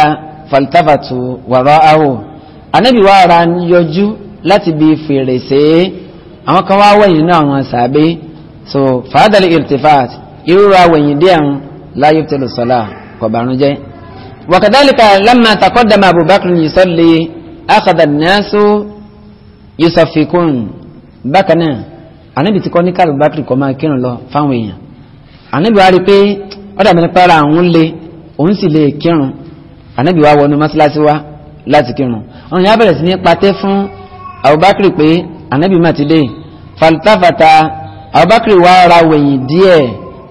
faltafatu wara'ahu ànábì wàá ra yọjú láti bí fèrèsé àwọn kan wá wẹ̀yìn náà àwọn sàbẹ́ so fàádàlì irtifat ìrora wẹ̀yìn dé àwọn láyé tẹ̀lé sọ́lá kọ̀bàrún jẹ́. wàkàdálìkà lámà taqaddama abubakar yusalli akhadha an-nasu yusafikun bákan náà ànábì ti kọ́ ní àwọn le bẹ̀rẹ̀ sí ní patẹ́ fún abubakar pé anabi matide faltafata abubakar wa ra wẹ̀yìn díẹ̀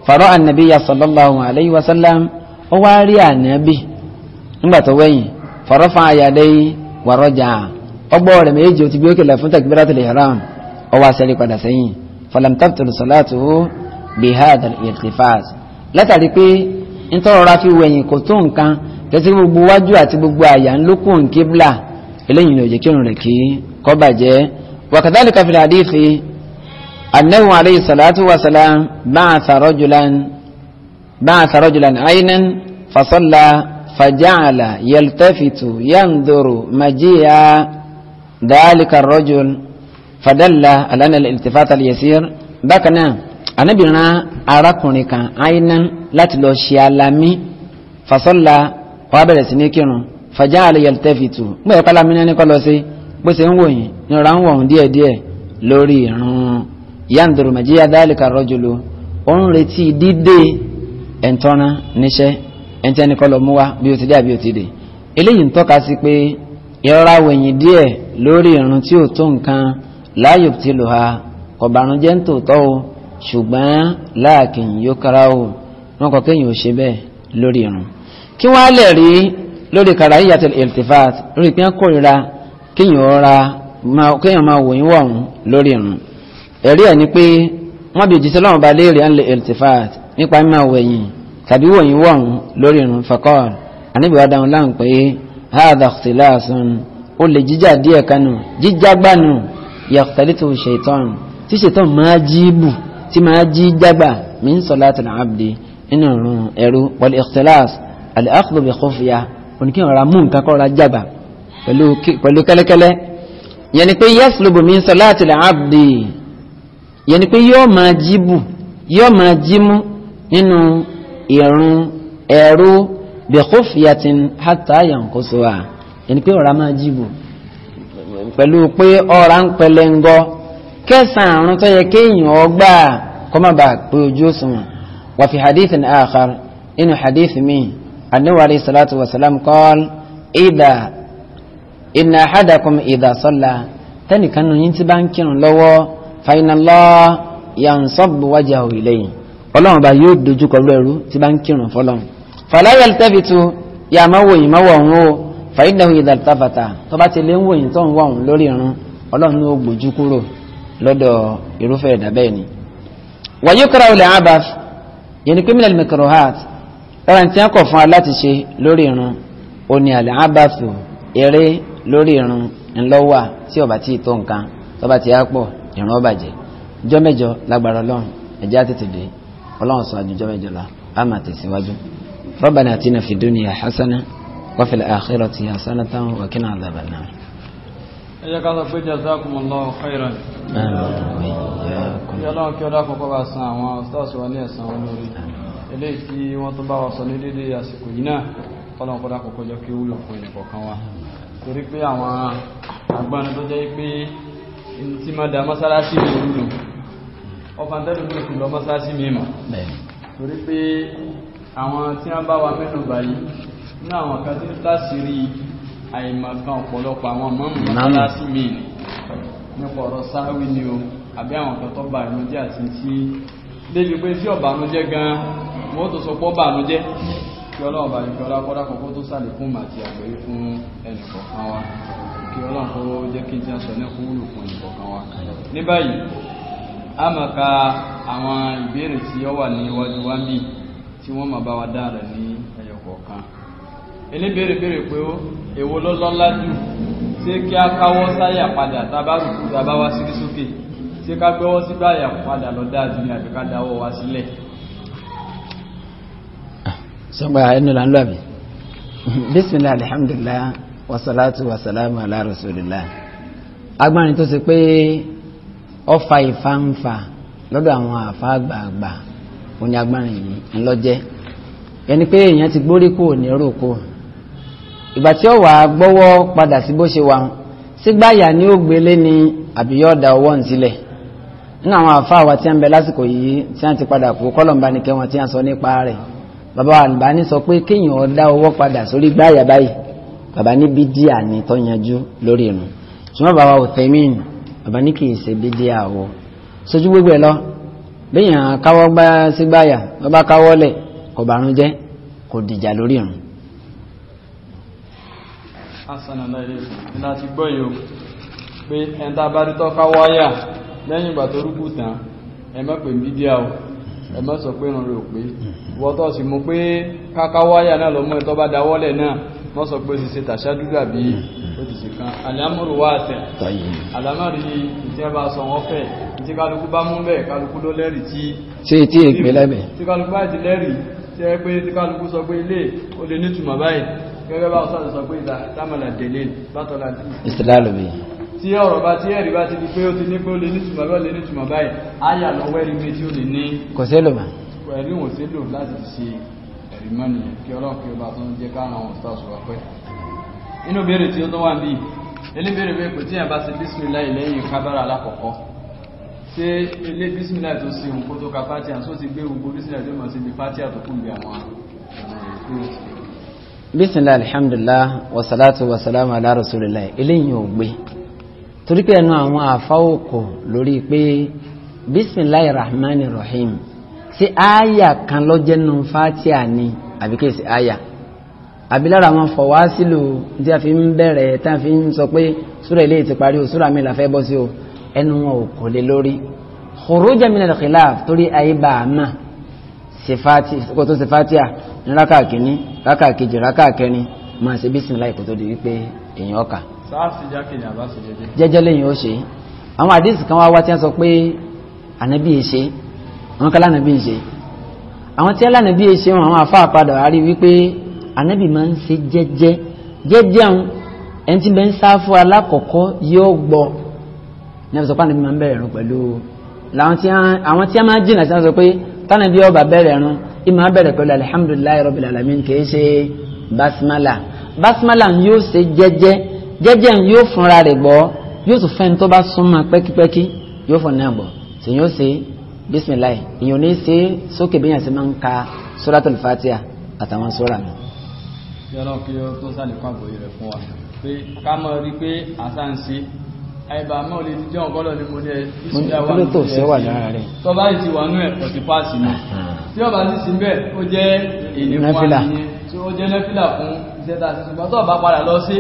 faro anabi ya sallallahu alayhi wa sallam ó wá rí anabi nígbà tó wẹ̀yìn faro fa ayadé wàrọjà ọgbọ rẹ̀ méjì ó ti gbé òkèlè fún takbiratul ihram ó wá sẹ́rí padà sẹ́yìn falamtabtul salatu bihadal irtifaz látàrí pé ntọ́rọra fi wẹ̀yìn kò tó nǹkan kẹsí gbogbo wájú àti gbogbo àyà ńlókùn kíbla eléyìí ni òjì kírun rẹ̀ kí kọ́ bàjẹ́ وكذلك في الحديث أنه عليه الصلاة والسلام بعث رجلا بعث رجلا عينا فصلى فجعل يلتفت ينظر مجيء ذلك الرجل فدل على أن الالتفات اليسير بكنا أنا arákùnrin kan ainan láti lọ ṣe alami فصلى wàá bẹ̀rẹ̀ فجعل ní kírun fàjá àlẹ́ yẹlẹ́tẹ́fìtù gbọ́dọ̀ pálá bó ṣe ń wò yín nira ń wọ̀n díẹ̀díẹ̀ lórí ìrun yandoro màjíyà dálìkà rọ́jòló ó ń retí dídé ẹ̀ńtọ́ná níṣẹ́ ẹ̀ńtẹ́ni kọlọ̀ mú wa bí ó ti dé àbí ó ti dé eléyìí ń tọ́ka sí pé ìrora wẹ̀yìn díẹ̀ lórí ìrun tí ò tó nǹkan láàyò tí lò ha ọ̀bàrún jẹ́ ń tòótọ́ o ṣùgbọ́n láàkìn yóò kára o wọn kọ kéèyàn ò ṣe bẹ́ẹ̀ lórí ìrun kí wọ́n á lè rí lórí kàrà yíyàtọ̀ ìltìfàt lórí pé ń kórìíra kéèyàn ọ̀ra kéèyàn máa wòyìn wọ̀hún lórí irun ẹ̀rí ẹ̀ ni pé wọ́n bí òjíṣẹ́ lọ́wọ́ bá léèrè ẹ̀ ń lè iltifat nípa mímọ̀ wẹ̀yìn tàbí wòyìn wọ̀hún lórí irun faqal àníbìwá dáhùn láhùn pé hadha ikhtilasun ó lè jíjà díẹ̀ kanu jíjà gbanu yàtàlítò ṣètọ́n tí ṣètọ́n máa jí bù tí máa jí jágbà pẹ̀lú kẹ́lẹ́kẹ́lẹ́ yẹni pé yaslubu min salatil abdi yẹni pé yóò máa jíbù yóò máa jímú nínú ìrun ẹ̀rú bi khufyatin hatta yanqusuha yẹni pé ọ̀rá máa jíbù pẹ̀lú pé ọ̀rá ń pẹlẹ́ngọ́ kẹsàn-án àrùn tó yẹ kéèyàn ọgbà kọ́mọ̀bà pé ojú òṣùwọ̀n wà fi hadithin akhar inú hadith mi anáwó salatu wa salam qala inna ahadakum idha salla tẹ́nìkan nù yín tí bá ń kírun lọ́wọ́ fa inna Allah yansub wajhahu ilayhi ọlọ́run bá yóò dojúkọ lẹ́rú tí bá ń kírun fọlọ́run fala yaltafitu yà má wòyìn má wọ̀hún o fa innahu idha iltafata tó bá ti lé ń wòyìn tó ń wọ̀hún lórí irun ọlọ́run ló gbójú kúrò lọ́dọ̀ irúfẹ́ ẹ̀dá bẹ́ẹ̀ ni. wa yukrahu al-abath yẹni pé minal mikrohat ọ̀ràn tí wọ́n kọ̀ fún wa láti ṣe lórí irun òní al-abathu eré lórí irun ńlọ́wà tí ọba tí tó nǹkan tọ́ba tí á pọ̀ irun ọba jẹ ìjọ mẹ́jọ lágbára ọlọ́run ẹ̀jẹ̀ àtètè dé ọlọ́run sọ àjùjọ mẹ́jọ lọ á máa tẹ̀síwájú. ربنا اتنا في الدنيا حسنه وفي الاخره حسنه وقنا عذاب النار ẹjẹ́ ká sọ pé jazakumullahu khairan kí ọlọ́run kí ọlá kọ́kọ́ bá san àwọn ọ̀sọ́sọ́ ní ẹ̀san olórí ilé bá wà sọ ní torí pé àwọn agbọ́nrin tó jẹ́ pé tí máa da mọ́sálásí mi lúlù ọba tẹ́lú pé kù lọ mọ́sálásí mi mọ̀ torí pé àwọn tí wọ́n bá wa mẹ́nu báyìí ní àwọn kan tí ń tàṣírí àìmọ̀kan ọ̀pọ̀lọpọ̀ àwọn mọ́mù mọ́sálásí mi nípa ọ̀rọ̀ sáwí ni o àbí àwọn kan tó bá ìmọ̀jẹ́ àti tí débi pé tí ọ̀bànújẹ́ gan-an wọ́n tó sọ pọ́ bànújẹ́ kí ọlọ́run bá ìfẹ́ ọlápọ́dá kọ̀kọ́ tó sàlẹ̀ fún màtí àgbẹ̀rí fún ẹnìkọ̀ọ̀kan wa kí ọlọ́run kọ́ jẹ́ kí n ti sọ ní kúrò fún ẹnìkọ̀ọ̀kan wa ní báyìí a mọ̀ ka àwọn ìbéèrè tí ó wà ní iwájú wa bí tí wọ́n máa bá wa dá rẹ̀ ní ẹyọkọ̀ọ̀kan elébeere béèrè pé èwo ló lọ́lá jù ṣé kí a káwọ́ sáyà padà tábà rùkú tábà wá sí sókè ṣé ká gbẹ́wọ́ sígbà yà padà lọ dáa jù ní àbíká dáwọ́ wá sílẹ̀ sọ́gbà ẹnu là ń lọ mi bisimilah alihamdulilah wasalaatu wasalaamu ala rasulillah agbárin tó ṣe pé ọfà ìfàǹfà lọ́dọ̀ àwọn àfa àgbààgbà òní agbárin yìí ńlọ́jẹ́ ẹni pé èèyàn ti gbórí kò ní rògbò ìgbà tí ó wà á gbọ́wọ́ padà sí bó ṣe wà ń sígbàyà ni ó gbélé ni àbí yóò da ọwọ́ ń sílẹ̀ nínú àwọn àfa àwa tí a ń bẹ lásìkò yìí tí a ti padà kú kọ́lọ̀ ń tí a sọ nípa rẹ̀ bàbá àlùbáni sọ pé kéèyàn ọ̀dá owó padà sórí gbáyà báyìí bàbá ní bídíà ni tó yanjú lórí irun ṣùgbọ́n bàbá òtẹ́mìn bàbá ní kìí ṣe bídíà o sojú gbogbo ẹ̀ lọ béèyàn káwọ́ gbá sí gbáyà bàbá káwọ́ lẹ̀ kò bàrún jẹ́ kò dìjà lórí irun. asànàlá ilé ìsìn láti gbọ́ yìí o pé ẹ̀ńtà bá rí tọ́ka wáyà lẹ́yìn ìgbà tó rúkú tán ẹ̀ mọ́ pé bídíà o ẹ má sọ pé ìrànlẹ̀ òpé wọ́n sí mú pé kákáwáyà náà lọ mọ́ ẹ̀tọ́ bá dáwọ́lẹ̀ náà wọ́n sọ pé ṣe tàṣádúrú àbí ó ti ṣe kan alámọ̀rù wà tẹ̀ alámọ̀rù sọ wọ́n fẹ́ tí ọ̀rọ̀ bá tí ẹ̀rí bá ti di pé ó ti ní pé ó lè nítumọ̀ bá lè nítumọ̀ báyìí àyà lọ wẹ́rí pé tí ó lè ní kò sélò mà ẹ̀rí wọn sélò láti ṣe ẹ̀rí mọ́ nìyẹn kí ọlọ́run kí ó bá tún jẹ́ káàrùn àwọn ọ̀sán ṣùgbọ́n pẹ́ inú béèrè tí ó tó wà ń bí elébèrè pé kò tí ẹ̀ bá ṣe bísímìláì lẹ́yìn kábára alhamdulillah wasalatu wasalamu ala rasulillah eléyìí ò gbé torí pé ẹnu àwọn àfáwòkọ lórí pé bisimilayi rahman rahim ṣé àyà kan lọ́jẹ́ nu fatia ni àbí kìí ṣe àyà àbí lára àwọn fọwásílù tí a fi ń bẹ̀rẹ̀ tá a fi ń sọ pé súra ilé ti parí o súra mi là fẹ́ bọ́ sí o ẹnu wọn ò kò lé lórí khuruja min al-khilaf torí ayé bá a mà kò tó ṣe fatia ní rákà kìíní rákà kejì rákà kẹrin máa ṣe bisimilayi kò di wípé èèyàn ọkà jẹ́jẹ́ lẹ́yìn ó ṣe àwọn àdìsí kan wá wá tí wọ́n sọ pé ànábì yìí ṣe àwọn kan lánàbí yìí ṣe àwọn tí lánàbí yìí ṣe wọn àwọn afá àpadà àárí wípé ànábì máa ń ṣe jẹ́jẹ́ jẹ́jẹ́ àwọn ẹni tí bẹ́ẹ̀ ń sá fún alákọ̀ọ́kọ́ yóò gbọ́ ní ẹ̀fọ́ sọ pé ń bẹ̀rẹ̀ rún pẹ̀lú àwọn tí wọ́n máa jìnà sí wọn sọ pé tánàbí ọba bẹ̀rẹ̀ rún ìmọ̀ abẹ́rẹ̀ pẹ̀lú alihamudulilayi rọ́bìlì alamin kì í ṣe basmala basmala yóò ṣe jẹ́jẹ́ jẹ́jẹ́ ń yóò fúnra rẹ̀ gbọ́ yóò tún fẹ́ni tó bá súnmọ́ pẹ́kípẹ́kí yóò fún náà gbọ́ sì yóò ṣe bisimilayi ìyọ̀n ní ṣe sókè bí yàn ṣe máa ń ka suratul fatiha àtàwọn sura mi. yọ̀rọ̀ kí o tó sàlékún àgbòye rẹ̀ fún wa pé ká mọ̀ rí pé àṣà ń ṣe àìbá mọ́ lè jẹ́ ọ̀gọ́lọ̀ ni mo ní ẹ ìṣúdá wà ní ẹ̀ tó bá ìtì wà ní ẹ̀kọ̀ ti páàsì ní tí ọba sí sí bẹ́ẹ̀ ó jẹ́ èdè fún àmì yẹn tí ó jẹ́ nẹ́fìlà fún iṣẹ́ ṣùgbọ́n tó bá padà lọ sí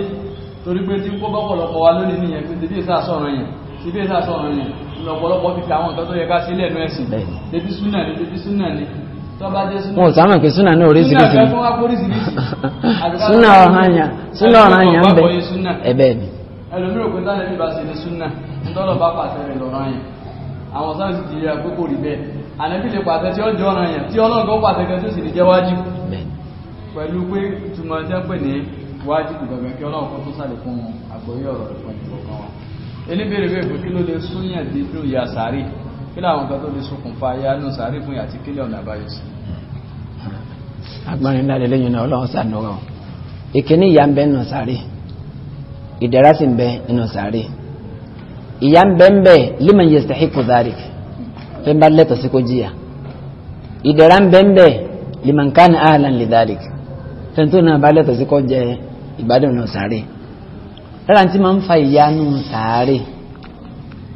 torí pé tí ń kó bọ́pọ̀lọpọ̀ wa lónìí nìyẹn pé tìbí ìsà sọ̀rọ̀ yẹn tìbí ìsà sọ̀rọ̀ yẹn lọ́pọ̀lọpọ̀ fi àwọn nǹkan tó yẹ ká sílẹ̀ ẹnu ẹ̀sìn débi súnà ni débi súnà ni tọ́ba jẹ́ súnà. wọn ò sáwọn pé súnà náà oríṣiríṣi súnà ọ̀hányà súnà ọ̀hányà ń bẹ ẹ̀bẹ̀ ni. ẹlòmíràn pé táwọn ẹbí bá ṣe ní súnà ńtọ́lọ̀ bá pàṣẹ rẹ̀ lọ́rọ̀ yẹn àwọn sáà sì jìyà pé kò rí bẹ́ẹ̀ ànábì lè pàṣẹ tí ó jẹ́ ọ̀ràn yẹn tí ọlọ́gbọ́n pàṣẹ kan tó sì ní jẹ́ wájìbì dandan kí ọlọ́run kó tó sàlẹ̀ fún àgbọ́yé ọ̀rọ̀ rẹ̀ fún ìgbọ̀kan wọn elébèrè bẹ́ẹ̀ fún kí ló lè súnyàn dé ló ya sàárì kí láwọn nǹkan tó lè ṣokùnfà ya nù sàárì fún àti kílẹ̀ ọ̀nà àbáyọ sí. agbọ́nrin lálẹ́ lẹ́yìn náà ọlọ́run sànúrọ̀ ìkíní ìyá ń bẹ nù sàárì ìdẹ̀ra sì ń bẹ nù sàárì ìyá ń bẹ ń bẹ liman yastahiqu dhalik fẹ́ bá lẹ́tọ̀ sí kó jìyà ìdẹ̀ra ń liman kana ahlan lidhalik fẹ́ tó náà bá lẹ́tọ̀ sí kó jẹ́ ìgbádùn náà sáré lára tí máa ń fa ìyanu sáré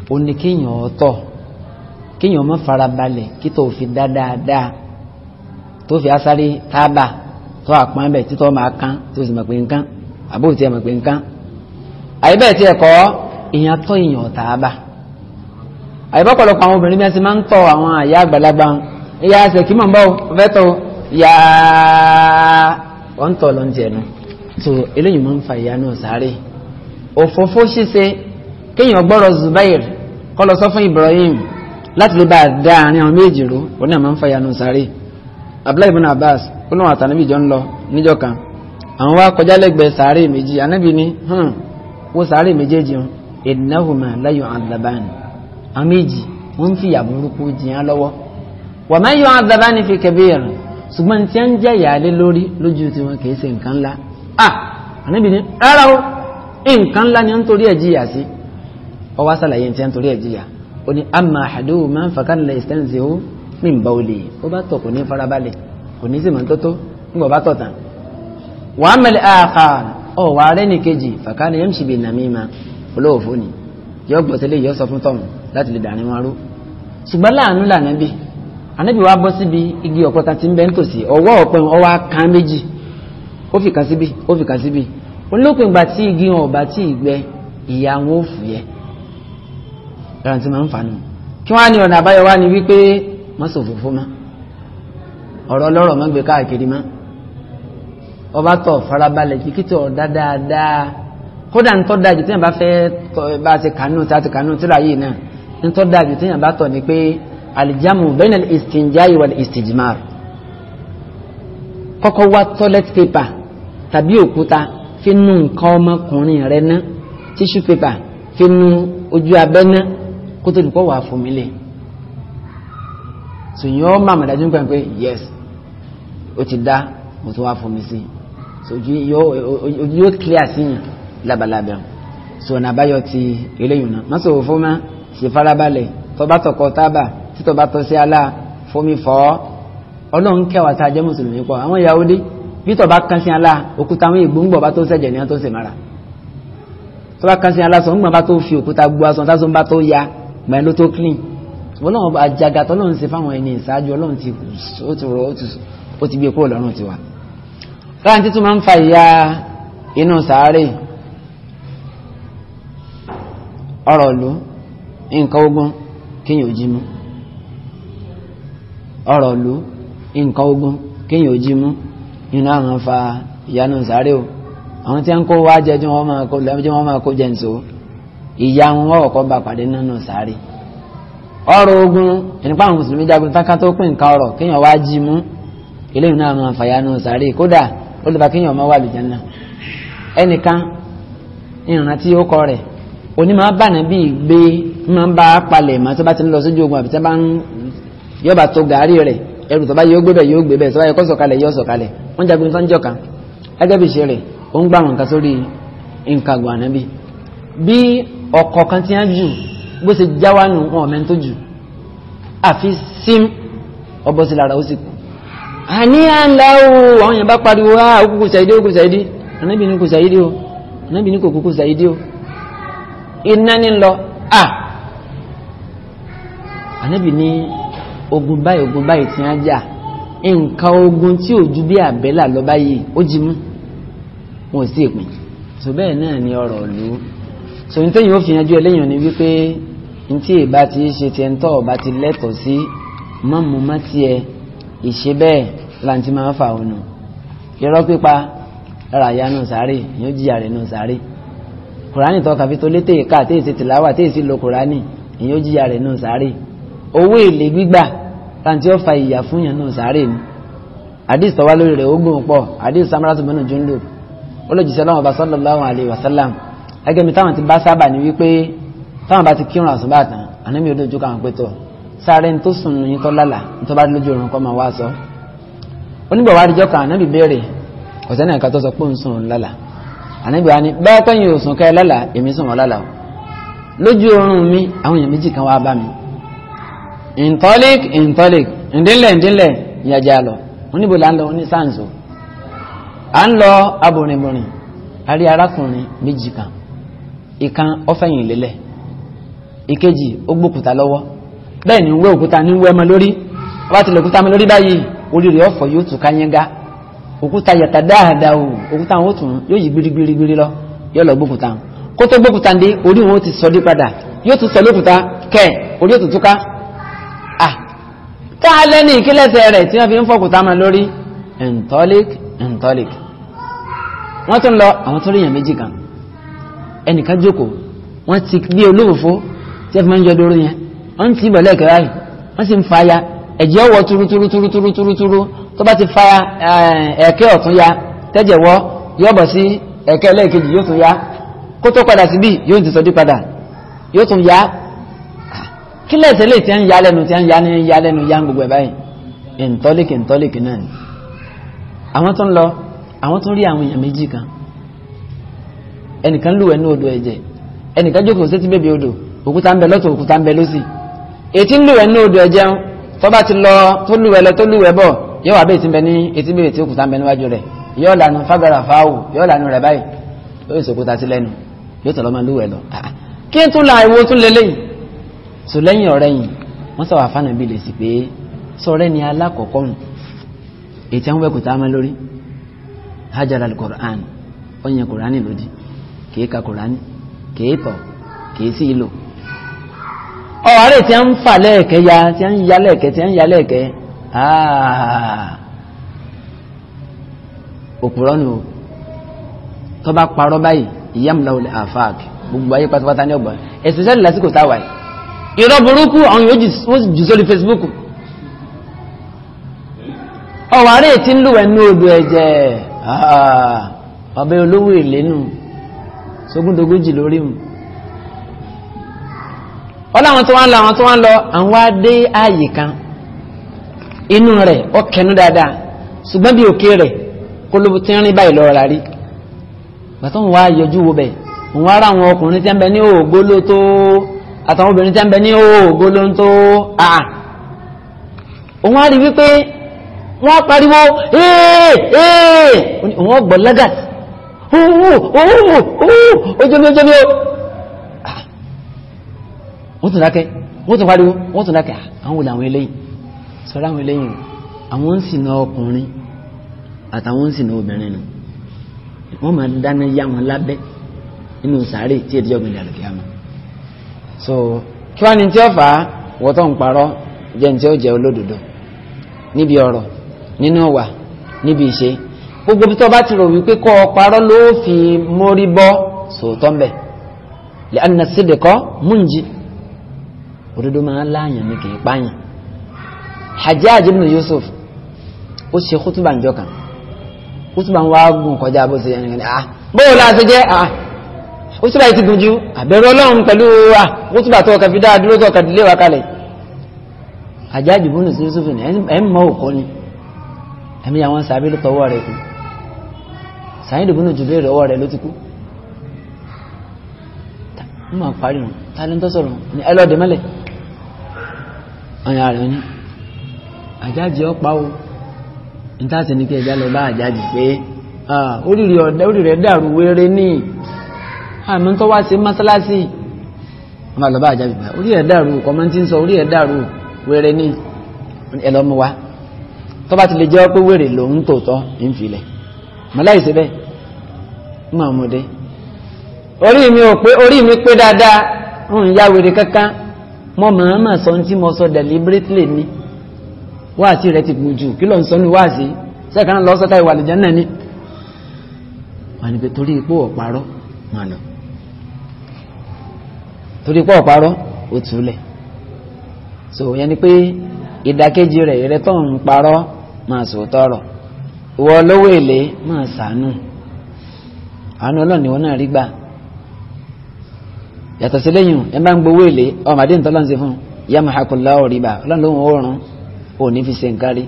ó ní kéèyàn ọ̀tọ̀ kéèyàn má farabalẹ̀ kí tó fi dá dáadáa tó fi asáré tábà tó àpọ́n bẹ̀ títọ́ máa kán tó sì mọ̀ pé nǹkan àbúrò tí ẹ mọ̀ pé nǹkan àyíbẹ̀ tí ẹ̀kọ́ èèyàn tọ́ èèyàn tábà àyíbẹ̀ ọ̀pọ̀lọpọ̀ àwọn obìnrin mẹ́sìn máa ń tọ́ àwọn àyà àgbàlagbà ìyá àṣẹ kí mọ̀ ń bọ́ ọ fẹ́ tọ́ yàá ọ̀ ń tọ́ lọ́ntì ẹ̀nu so eléyìí máa ń fa ìyanu sáré òfófó ṣíṣe kéèyàn gbọ́rọ̀ Zubair kọ́ lọ sọ fún Ibrahim láti lè bá a dá àárín àwọn méjì ró òun náà máa ń fa ìyanu sáré Abdullahi ibn Abbas ó lóun àtànábì jọ ń lọ níjọ́ kan àwọn wá kọjá lẹ́gbẹ̀ẹ́ sáré méjì anábì ni hmm, wo sáré méjèèjì hàn ìdínáhùnmá láyọ̀ àdàbáni àwọn méjì wọ́n fi ìyà burúkú jìyàn lọ́wọ́ wà má yọ àdàbáni fi kẹbíyàn ṣùgbọ́n tí a ń jẹ́ ìyàlé lórí lójú tiwọn kìí ṣe nǹkan ńlá ah ànábì ní rárá o nǹkan ńlá ni ń torí ẹ̀ jìyà sí ọ wá sàlàyé ní ti ń torí ẹ̀ jìyà ó ní amma àdúgbò máa ń fàkà nílẹ̀ ìsẹ́ǹsì ó mí ń bá olè ó bá tọ̀ kò ní farabalẹ̀ kò ní sì mọ̀ tó tó nígbà bá tọ̀ tán wàá mẹ́lẹ̀ àkà ọ̀ wà rẹ́ ní kejì fàkà ní yẹn ṣìbì nàmíma olóòfó ni yọ gbọ́ sílé yọ igi ọ̀pọ̀ta ti ń bẹ́ ń tòsí ọwọ́ ọ̀pẹ̀ wọn ó fi kà síbi ó fi kà síbi olópin ìgbà tí igi wọn ọba tí ìgbẹ ìyá wọn ò fúyẹ́ ẹran tí máa ń fanu kí wọn á ní ọ̀nà àbáyọ wá ní wípé má ṣòfófó má ọ̀rọ̀ ọlọ́rọ̀ má gbé káàkiri má ọba tọ̀ farabalẹ̀ kíkítọ̀ ọ̀dá dáadáa kódà ntọ́ dájú tíyàn bá fẹ́ bá ti kànú tí a ti kànú tíra yìí náà ntọ́ dájú tíyàn bá tọ̀ ni pé alijamu bainal istinjai wa istijmar kọ́kọ́ wá toilet paper tàbí òkúta fi nu nǹkan ọmọkùnrin rẹ ná tissue paper fi nu ojú abẹ́ ná kó tó dùpọ̀ wà fún mi lè sòyìn ọ́ màmá dájú pé pé yes ó ti dá mo tó wà fún mi sí sojú yóò clear sí yàn labalábẹ́ so ọ̀nà àbáyọ ti eléyìí náà má sòwò fún ma ṣe farabalẹ̀ tọba tọkọ tábà títọba tọ sí alá fún mi fọ́ ọlọ́run kẹwàá tá a jẹ́ mùsùlùmí pọ̀ àwọn Yahudi bítọ̀ bá kan sí alá òkúta àwọn ìgbóngbọ̀ bá tó sẹ̀jẹ̀ ní wọn tó sì mara tó bá kan sí alá sọ ńgbọ̀n bá tó fi òkúta gbu aṣọ tá sọ́n bá tó ya gbọ̀n ló tó clean wọn náà àjàgà tó lóun ṣe fáwọn ẹni ìṣáájú ọlọ́run ti ó ti rọ ó ti gbé kúrò lọ́rùn tiwa. láàrín títún máa ń fa ìyà inú sàárè ọ̀rọ̀ ìlú nǹkan ogun kéèyàn ò jí mú ọ̀rọ̀ ìlú nǹkan ogun kéèyàn ò jí mú nínú àwọn fa ìyanu sáré o àwọn tí wọn kó wá jẹ jẹ wọn máa kó lẹ́mọ́ jẹ wọn máa kó jẹ nìṣó ìyá wọn wọ́n kọ́ bá pàdé nínú sáré ọ̀rọ̀ ogun ẹnìpá àwọn mùsùlùmí jagun táká tó pín nǹkan ọ̀rọ̀ kéèyàn wá jí mú eléyìí náà máa fa ìyanu sáré kódà ó lè fa kéèyàn máa wà lùjẹ́ náà ẹnìkan ìrìnà tí ó kọ rẹ̀ onímọ̀ abànàbí gbé máa ń bá palẹ̀ mọ́ tó bá ti ń lọ sójú ogun àbí tó bá ń yọba tó gàárì rẹ̀ ẹrù tó bá yóò gbé bẹ̀ yóò gbé bẹ̀ tó bá yẹ kó sọ̀kalẹ̀ yóò sọ̀kalẹ̀ wọ́n jagun sọ́njọ́ kan gẹ́gẹ́ bí ṣe rẹ̀ ó ń gbàrún nǹkan sórí nǹkan ànábì bí ọkọ̀ kan ti hàn jù bó ṣe jáwánu wọn ọ̀mẹ́ tó jù àfi sim ọbọ̀ sí lára ó sì kù. àníyàn ńlá o àwọn yẹn bá pariwo á òkùnkùn ṣàyídé òkùnkùn ṣàyídé ànábì ní kò ṣàyídé o ànábì ní kò kúkú ṣàyídé o iná ní lọ à ànábì ní ogun báyìí ogun báyìí tí wọ́n jà nǹkan ogun tí ò ju bí àbẹ́là lọ báyìí ó jí mú wọn ò sí ìpín tó bẹ́ẹ̀ náà ni ọ̀rọ̀ ìlú so ní tẹ́yìn ó fi yanjú ẹlẹ́yìn ni wípé ní tí ìbá ti ṣe tiẹ̀ ń tọ́ ọ̀bá ti lẹ́tọ̀ọ́ sí mọ́mú má tiẹ̀ ìṣe bẹ́ẹ̀ láǹtí máa fà ọ̀nà irọ́ pípa ara àyà nù sáré yóò jìyà rẹ̀ nù sáré kùránì tó kàfi tó létè ká àtẹ̀sí tìláwà àtẹ̀sí lo kùránì yóò jìyà rẹ̀ nù sáré owó èlé gbígbà tanti ó fa ìyà fún yàn náà sáré ni hadith tọ́wá lórí rẹ̀ ogun pọ̀ hadith samara tó mẹ́nu jùlọ olójúṣe aláwọ̀ bá sallallahu alayhi wa sallam ẹgbẹ́ mi táwọn ti bá sábà ní wípé táwọn bá ti kírun àsùnbà tán ànámi ò dojú káwọn pé tọ̀ sáré ní tó sùn ní tó lálà ní tó bá lójú òrùn kọ́ máa wá sọ. onígbà wa àdìjọ́ kan ànábì béèrè ọ̀sẹ̀ náà kan tó sọ pé òun sùn lálà ànábì wa ni báyọ̀ tẹ́yìn òsùn kẹ́ lálà èmi sùn wọ́n lálà o lójú òrùn mi àwọn èèyàn méjì kan wá bá mi intolic intolic ndínlẹ̀ ndínlẹ̀ ìyàjà lọ oníbo là ń lọ onísàǹsó à ń lọ abòrìnbòrìn àrí arákùnrin méjì kan ìkan ọfẹ̀yìn lélẹ̀ ìkejì ó gbókùtà lọwọ bẹ́ẹ̀ ni ń wé òkúta ní ń ọmọ lórí ọba ti yotu òkúta mi lórí báyìí daada ọ̀fọ̀ yóò o òkúta wọn lọ yóò lọ gbókùtà kó tó gbókùtà ndé orí wọn sọ dé padà yóò sọ lókùtà kẹ orí ó tún ká lẹ́ni ìkílẹ̀sẹ̀ rẹ̀ tí wọ́n fi ń fọ́kùtà máa lórí ntọ́lik ntọ́lik wọ́n tún lọ àwọn tó ríyàn méjì kan ẹnìkan jókòó wọ́n ti bí olóòfó tí wọ́n fi máa ń jọ dóró yẹn wọ́n ti bọ̀ lẹ́ẹ̀kẹ́ wọ́n sì ń fa ya ẹ̀jẹ̀ ọwọ́ túrútúrútúrútúrú tó bá ti fa eh, ẹ̀kẹ́ ọ̀tún ya tẹ́jẹ̀ wọ́ yóò bọ̀ sí ẹ̀kẹ́ lẹ́ẹ̀kejì yóò tún ya kó tó padà síbí yóò ti sọdí ya kílẹ̀ tẹ́lẹ̀ tí a ń ya lẹ́nu tí a ń ya ní ya lẹ́nu ya ń gbogbo ẹ̀ báyìí ìntọ́líkì ìntọ́líkì náà ni àwọn tó ń lọ àwọn tó ń rí àwọn èèyàn méjì kan ẹnìkan lù ẹnu odò ẹ̀jẹ̀ ẹnìkan jókòó sétí bèbè odò òkúta ń bẹ lọ́tọ̀ òkúta ń bẹ lọ́sì etí ń lù ẹnu odò ẹ̀jẹ̀ tó ti lọ tó lù tó lù yóò so lẹ́yìn ọ̀rẹ́ yìí wọ́n sọ àfààní bíi lè sì pé sọ̀rẹ́ ni alákọ̀ọ́kọ́ nù ètí àwọn ẹ̀kọ́ tá a máa lórí hajara alukoran ọ̀yìn kurani lòdì kìí ka kurani kìí tọ̀ kìí sí ìlò. ọ̀rẹ́ tí a ń fà lẹ́ẹ̀kẹ́ ya tí a ń ya lẹ́ẹ̀kẹ́ tí a ń ya lẹ́ẹ̀kẹ́ òpùrọ́ nù tọ́ba parọ́ báyìí ìyá mi lọ́wọ́ àfáàkì gbogbo ayé pátápátá ní ọgbà ẹ̀sìn sẹ́ni lásìkò táwa yìí. irọ́ burúkú àwọn yóò jù sórí Facebook ọ̀wà rẹ̀ tí ń lù ẹnu odò ẹ̀jẹ̀ ọ̀bẹ ah, olówó ìlénu sógúndogójì lórí mu wọ́n láwọn tó wá ń lọ àwọn tó wá ń lọ àwọn ààyè kan inú rẹ̀ ọkẹnu dáadáa ṣùgbọ́n bí òkè rẹ̀ kó ló ti rìn báyìí rárí gbàtọ́ wọn wá yọjú wo bẹ̀ wọn wá ra àtàwọn obìnrin tẹ́ ń bẹ ní òògó ló ń tó àà ah, ah. òun á rí wípé wọ́n pariwo ee ee òun ọgbọ̀ lagat ojoojoojojo wọ́n tún dákẹ́ wọ́n tún pariwo wọ́n tún dákẹ́ ah, àwọn olè àwọn eléyìn sọ́rọ̀ àwọn eléyìn àwọn ń sìnà ọkùnrin àtàwọn ń sìnà obìnrin nù wọ́n máa dáná yá wọn lábẹ́ nínú sàárè tí èdè ọgbìn dàrú so kí wàá ní tí ó fà á wọ́tọ̀ ń parọ́ jẹ́ ní tí ó jẹ́ olódodo níbi ọ̀rọ̀ nínú ọ̀wà níbi ìṣe gbogbo bí tó bá ti rò wípé kọ́ ọ parọ́ ló fi mórí bọ́ sòótọ́ ń bẹ̀ lẹ́ àná sídẹ̀kọ́ múnjí òdodo máa ń láàyàn ní kìí pààyàn Hajjaj ibn Yusuf ó ṣe kútùbà ń jọ kan kútùbà ń wá gùn kọjá bó ṣe yẹn ní ah bóòlù àti jẹ́ ah ó túbà yìí ti gùn ju àbẹ̀rù ọlọ́run pẹ̀lú wa ó túbà tó ọkà fi dáa dúró tó ọkà délé wa kalẹ̀ àjájú bónú sí yusuf ni ẹ̀ ń mọ òkò ni ẹ̀mí àwọn sàbí ló tọwọ́ rẹ̀ kú sàyìn dùbúnú jù béèrè ọwọ́ rẹ̀ ló ti kú ń mọ̀ parí wọn ta ló ń tọ́ sọ̀rọ̀ ni ẹ lọ́ọ̀dẹ mẹ́lẹ̀ ọ̀yà rẹ̀ ni àjájì ọ̀pá o níta sì ni kí ẹja lọ bá àjájì pé orí rẹ̀ dàrú wéré níì àmì tó wá sí mọ́sálásí ọmọ àlọ́bá àjábì bá orí ẹ̀ dàrú kọ́mọ́ntì ń sọ orí ẹ̀ dàrú wẹ́rẹ́ ní ẹlọ́mú wa tó bá ti lè jẹ́ pé wèrè lòun tòótọ́ ń filẹ̀ mọ́láìsí bẹ́ẹ̀ mọ́ ọmọdé orí mi ò pé orí mi pé dáadáa ń ya wèrè kankan mo máa ma sọ ní tí mo sọ deliberately ni wáàsí rẹ ti gbùjù kí ló ń sọ ní wáàsí sẹ́kàn lọ́sọ́tà ìwà náà ni wà ní pé torí ipò ọ̀parọ́ máa lọ torí pọ̀ parọ́ ó túlẹ̀ so yẹn ni pé ìdàkejì rẹ̀ ìrẹ́tọ̀ ń parọ́ máa sòótọ́ rọ̀ ìwọ olówó èlé máa sànù àánú ọlọ́ọ̀ni wọn náà rí gbà yàtọ̀ sí lẹ́yìn ẹ bá ń gbowó èlé ọmọ adé ń tọ́lá fún yàmà hakùnlá òrìbà ọlọ́run lóhùn oorun òní fi ṣe nǹkan rí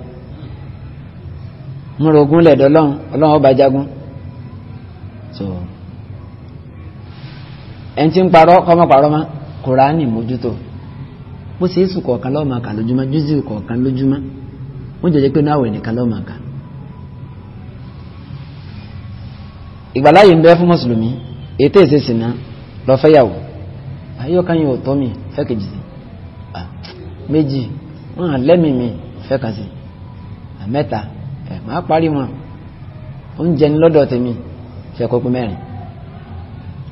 múrogún lẹ̀dọ́ ọlọ́run ọlọ́run ọba jagun so ẹn tí ń parọ́ kọ́mọ́ parọ́ mọ́ kùránì mójútó bó ṣe é sùn kọ̀ọ̀kan lọ́ọ̀mà kà lójúmọ́ júzì kọ̀ọ̀kan lójúmọ́ wọ́n jẹ́jẹ́ pé náà wẹ̀ nìkan lọ́ọ̀mà ń fún mùsùlùmí ètò ìṣesìnà lọ ayọ́kan yóò tọ́ mi méjì wọn à mi mẹ́ta ẹ̀ máa parí wọn oúnjẹ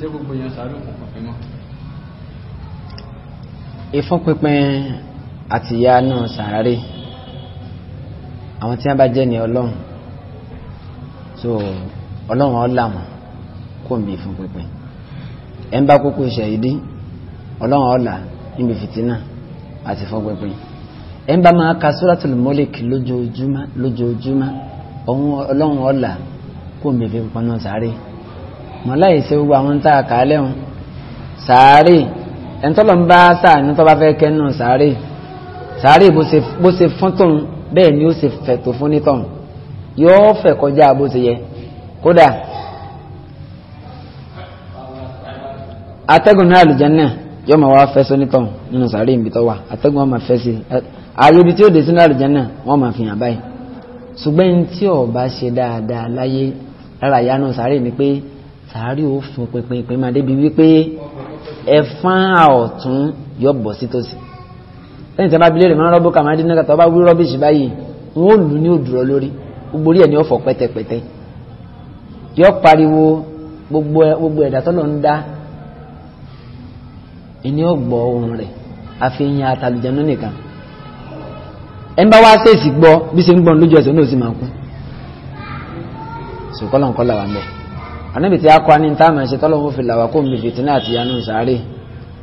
ṣé gbogbo èèyàn sàárè òkun pínpín mọ́. ìfúnpinpin àtìyá náà sàárè àwọn tí wọn bá jẹ́ ní ọlọ́run so ọlọ́run ọlà wọn kò ń bí ìfúnpinpin ẹ ń bá kókó ṣàhídì ọlọ́run ọlà níbi fìtínà àti ìfúnpinpin ẹ ń bá máa ka suratul Mulk lójoojúmọ́ lójoojúmọ́ ọlọ́run ọlà kò ń bí ìfúnpinpin náà sàárè mọ̀láyìí ṣe gbogbo àwọn tá a kà á lẹ́hùn sàárè ẹ̀ńtọ́lọ̀ ń bá sàánú tó bá fẹ́ kẹ́nu sàárè sàárè bó ṣe fún tóun bẹ́ẹ̀ ni ó ṣe fẹ̀ tó fún nítọ̀hún yóò fẹ̀ kọjá bó ṣe yẹ kódà atẹ́gùn náà àlùjánnà yóò máa wá fẹ́ sónítọ̀hún nínú sàárè ibi tó wà atẹ́gùn wọn máa fẹ́ sí ààyè ibi tí ó dé sínú àlùjánnà wọn máa fi hàn báyìí ṣùgbọ́n tí ó ṣe dáadáa láyé lára ìyá náà sàárè ni pé sàárì ó fún pinpin pin máa débi wípé ẹ̀fán ọ̀tún yọ bọ̀ sí tòsí lẹ́yìn tí a bá bilé rẹ̀ máa ń rọ́bù kà máa dín náà kàtà ọba wí rọ́bìṣì báyìí wọn ò lù ní òdùrọ̀ lórí gbogbo orí ẹ̀ ní ọ̀fọ̀ pẹ́tẹpẹ́tẹ yọ pariwo gbogbo ẹ̀dá tọ́lọ̀ ń dá ẹni ọ̀gbọ́ ohun rẹ̀ àfihàn àtàlùjẹ̀nu nìkan ẹ̀ ń bá wá ṣèèsì gbọ́ bí ṣe ń gbọ́n lójú ẹ̀sẹ̀ náà sì máa kú sùkọ́lọ̀ wà ń anábì tí a kọ́ ní tá a máa ṣe tọ́lọ́wọ́ fi làwà kó nbí fìtínà àti yanu sáré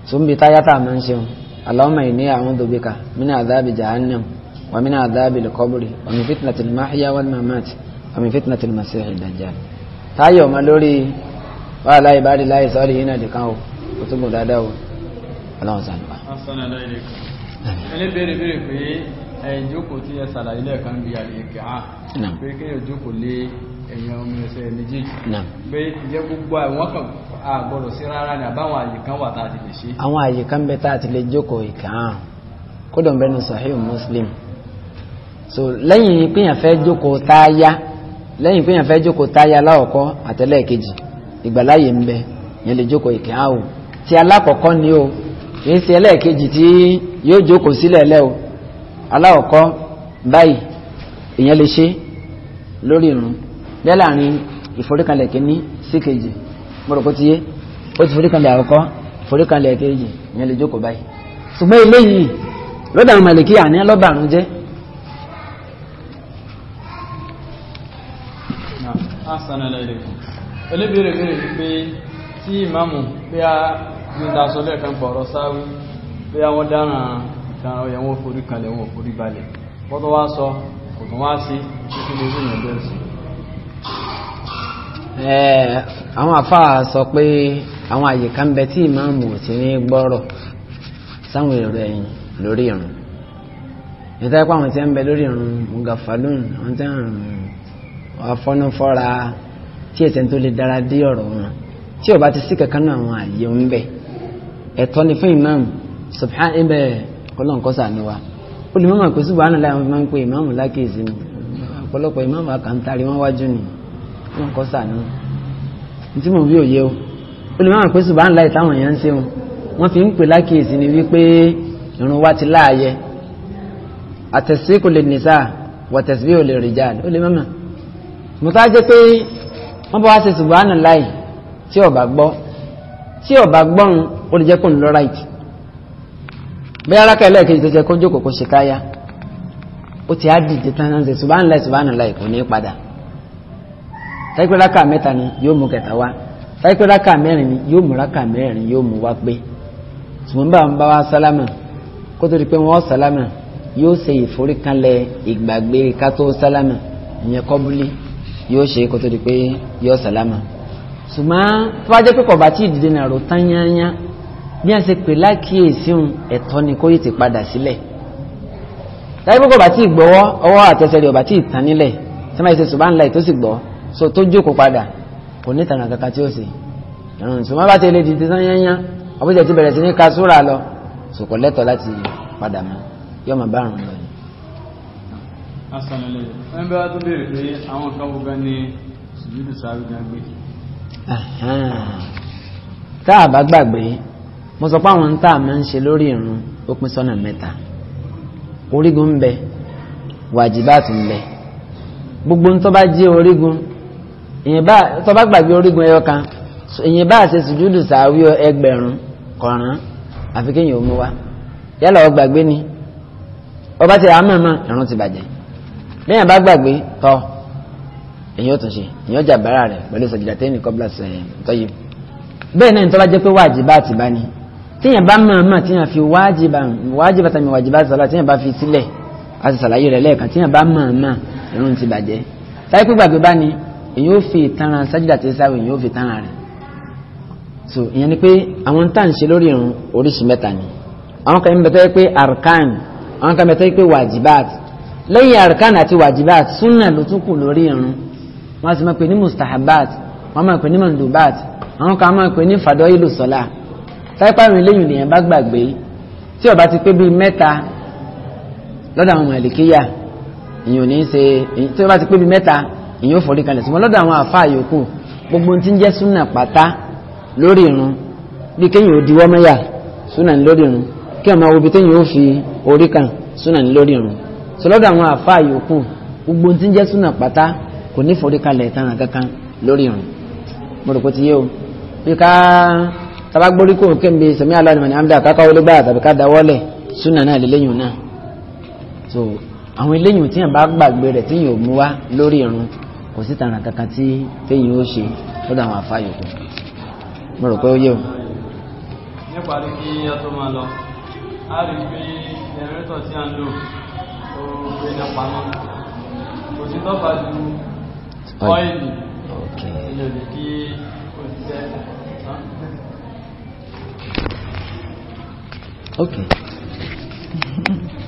tó nbí táyà tá a máa ń ṣeun Allahumma inni a'udhu bika min adhabi jahannam wa min adhabi al-qabri wa min fitnatil mahya wal mamati wa min fitnatil masihid dajjal. táyà ọmọ lórí wàhálà ìbáraẹ̀ láì sọ́ọ́lì yìí náà dìkan o kò tó gùn dáadáa o ọlọ́run sàn nípa. ẹni béèrè béèrè pé ẹ̀ẹ́djókòó tí ẹ ṣàlàyé lẹ́ẹ̀kan bí àlè ẹ̀yàn ọmọ ẹsẹ̀ méjèèjì gbogbo àwọn kan sí wà àwọn bẹ tàà ti lè jókòó sahih muslim so lẹ́yìn péyàn jókòó táyá lẹ́yìn jókòó táyá àtẹlẹ́ẹ̀kejì ìgbàláyè ń bẹ yẹn lè jókòó ti alákọ̀ọ́kọ́ ni o kìí ṣe ẹlẹ́ẹ̀kejì tí yóò jókòó sílẹ̀ lẹ́ o aláọ̀kọ́ báyìí ìyẹn lè ṣe lórí bẹ́ẹ̀ láàrin ìforíkalẹ̀ kìíní sí kejì mo rò kó ti yé ó ti foríkalẹ̀ àkọ́kọ́ ìforíkalẹ̀ kejì ìyẹn lè jókòó báyìí ṣùgbọ́n eléyìí lọ́dà àwọn màlìkí àní lọ́bà àrùn jẹ́. olóbìnrin bèrè pé tí ìmáàmù pé a ní dasọ́lẹ̀ kan pọ̀rọ̀ sáwí pé a wọ́n dára ìtàn ọ̀yẹ̀wọ̀n forí kalẹ̀ wọ́n forí balẹ̀ bọ́tọ̀ wá sọ kò tún wá sí títí lórí ìyẹn bẹ́ẹ̀ sí àwọn àfáà sọ pé àwọn àyíká ń bẹ tí ìmáàmù ti ní gbọ́rọ̀ sáwọn èrò ẹ̀yìn lórí ìrun nítorí pé àwọn tí ń bẹ lórí ìrun mugafalun àwọn tí ń afọ́nufọ́ra tí ètò tó lè dára dé ọ̀rọ̀ wọn tí ó ti sí kankan náà àwọn àyè ń bẹ ẹ̀tọ́ ni fún ìmáàmù subhan ibẹ̀ kọlọ́nkọ́sà ni wa olùmọ̀mọ̀ pé subhanallahi wọn fi máa ń pe ìmáàmù lákèésí ni ọ̀pọ̀lọpọ̀ fún nǹkan sàmì tí mo wí òye o olùmọ̀ràn pé ṣùgbọ́n àǹláì táwọn èèyàn ń ṣe wọn wọ́n fi ń pè lákìyèsí ni wípé irun wa ti láàyè àtẹ̀sí kò lè nìsà wàtẹ̀sí ò lè rìjà ó lè mọ̀mọ̀ mo tá jẹ́ pé wọ́n bá wá ṣe ṣùgbọ́n àǹláì tí ọba gbọ́ tí ọba gbọ́run ó lè jẹ́ kó ń lọ ráìtì bí arákà ẹlẹ́ẹ̀kejì tó jẹ́ kó jókòó kó ṣe káyà ó ti á dìde tán náà ṣe ṣùgbọ́n àǹláì ṣùgbọ́n àǹláì kò ní padà táìpé rákà mẹ́ta ni yóò mú kẹta wá táìpé rákà mẹ́rin ni yóò mú rákà mẹ́rin yóò mú wá pé ṣùgbọ́n bá ń bá wa sálámà kó tó di pé wọ́n sálámà yóò ṣe ìforíkanlẹ̀ ìgbàgbé ká tó sálámà ìyẹn kọ́búlí yóò ṣe kó tó di pé yóò sálámà ṣùgbọ́n tó bá jẹ́ pé kọ̀ọ̀bá tí ìdílé náà rò tán yányá bí wọ́n ṣe pè lákìyèsí òun ẹ̀tọ́ ni kó yìí ti padà sílẹ̀ táìpé kọ̀ọ̀bá tí ì gbọ́wọ́ ọwọ́ àtẹsẹ̀ rẹ̀ ọ̀bá tí tán nílẹ̀ sẹ́mi àìsè ṣùgbọ́n ńlá ètò sì gbọ́ so tó jókòó padà kò ní tànà kankan tí ó sì ìrùn sùn má bá ti lè dìde tán yányá ọbújẹ ti bẹ̀rẹ̀ sí ní ka súra lọ sòkò lẹ́tọ̀ láti padà mọ́ yóò máa bá àrùn lọ. asàlẹ̀ ẹni bá tó béèrè pé àwọn kan wo gan ni sùjúdù sáré gan gbé. tá a bá gbàgbé mo sọ pé àwọn ń tá a máa ń ṣe lórí ìrùn ó pín sọ́nà mẹ́ta orígun ń bẹ wàjibáàtù ń bẹ gbogbo ń tó bá jẹ́ orígun èyàn bá tọ́ba gbàgbé orígun ẹyọ kan èyàn bá ṣe sùjúdù sàáwí ẹgbẹ̀rún kọ̀ọ̀rán àfi kéèyàn ò mú wa yálà ọ gbàgbé ni ọba ti àmọ́ ẹ̀mọ́ ẹ̀rùn ti bàjẹ́ lẹ́yìn bá gbàgbé tọ́ èyàn ò tún ṣe èyàn jà bàrà rẹ̀ pẹ̀lú sàjìdà tẹ́yìn kọ́bílà tọ́yìn bẹ́ẹ̀ náà tọ́ba jẹ́ pé wájibá ti bá ni tíyàn bá mọ̀ mọ̀ tíyàn fi wájibá wájibá tàbí wájibá sọ̀lá tíyàn bá fi sílẹ̀ àti sàlàyé rẹ̀ lẹ́ẹ̀kan tíyàn bá mọ̀ mọ̀ ẹ̀rùn ti bàjẹ́ táyé pé gbàgbé bá ni èyí ó fi ìtanràn sájúdà tí sáwọ èyí fi tanràn rẹ̀ so ìyẹn ni pé àwọn tá à ń ṣe lórí irun oríṣi mẹ́ta ni àwọn kan ń bẹ̀tẹ́ pé arkan àwọn kan bẹ̀tẹ́ pé wajibat lẹ́yìn arkan àti wajibat sunna ló tún kù lórí irun wọ́n sì máa pè ní mustahabat wọ́n máa pè ní mandubat àwọn kan máa pè ní fadọ́yìlù sọ́lá táìpá rìn lẹ́yìn lèèyàn bá gbàgbé tí ó bá ti pé bíi mẹ́ta lọ́dọ̀ àwọn màlìkíyà ìyẹn ò ní í ṣe tí ó ti pé bíi mẹ́ta èyí ò forí kalẹ̀ ṣùgbọ́n lọ́dọ̀ àwọn àfa àyòkù gbogbo tí ń jẹ́ súnà pátá lórí irun bí kéèyàn ò diwọ́ mẹ́yà súnà ní lórí irun kí ọmọ wo ibi téèyàn ò fi orí kan súnà ní lórí irun ṣùgbọ́n lọ́dọ̀ àwọn àfa àyòkù gbogbo tí ń jẹ́ súnà pátá kò ní forí kalẹ̀ tán kankan lórí irun mo rò pé ti yé o bí ká taba kò kéńbe sẹmi aláàlú mọ ní amdá káká tàbí ká dáwọ́lẹ̀ súnà náà lélẹ́yìn náà so àwọn eléyìn tí yàn bá gbàgbé rẹ̀ tí yàn ò mú wá lórí irun kò sí tààrà kankan tí téyìn ó ṣe lọ́dọ̀ àwọn àfa yòókù mo rò pé ó yé o. nípa rí kí a tó máa lọ a rí pé jẹnẹrétọ̀ tí a ń lò ó gbé ní pamọ́ kò sí tọ́pa ju ọ́ìlì ilé òde kí òṣìṣẹ́ ok.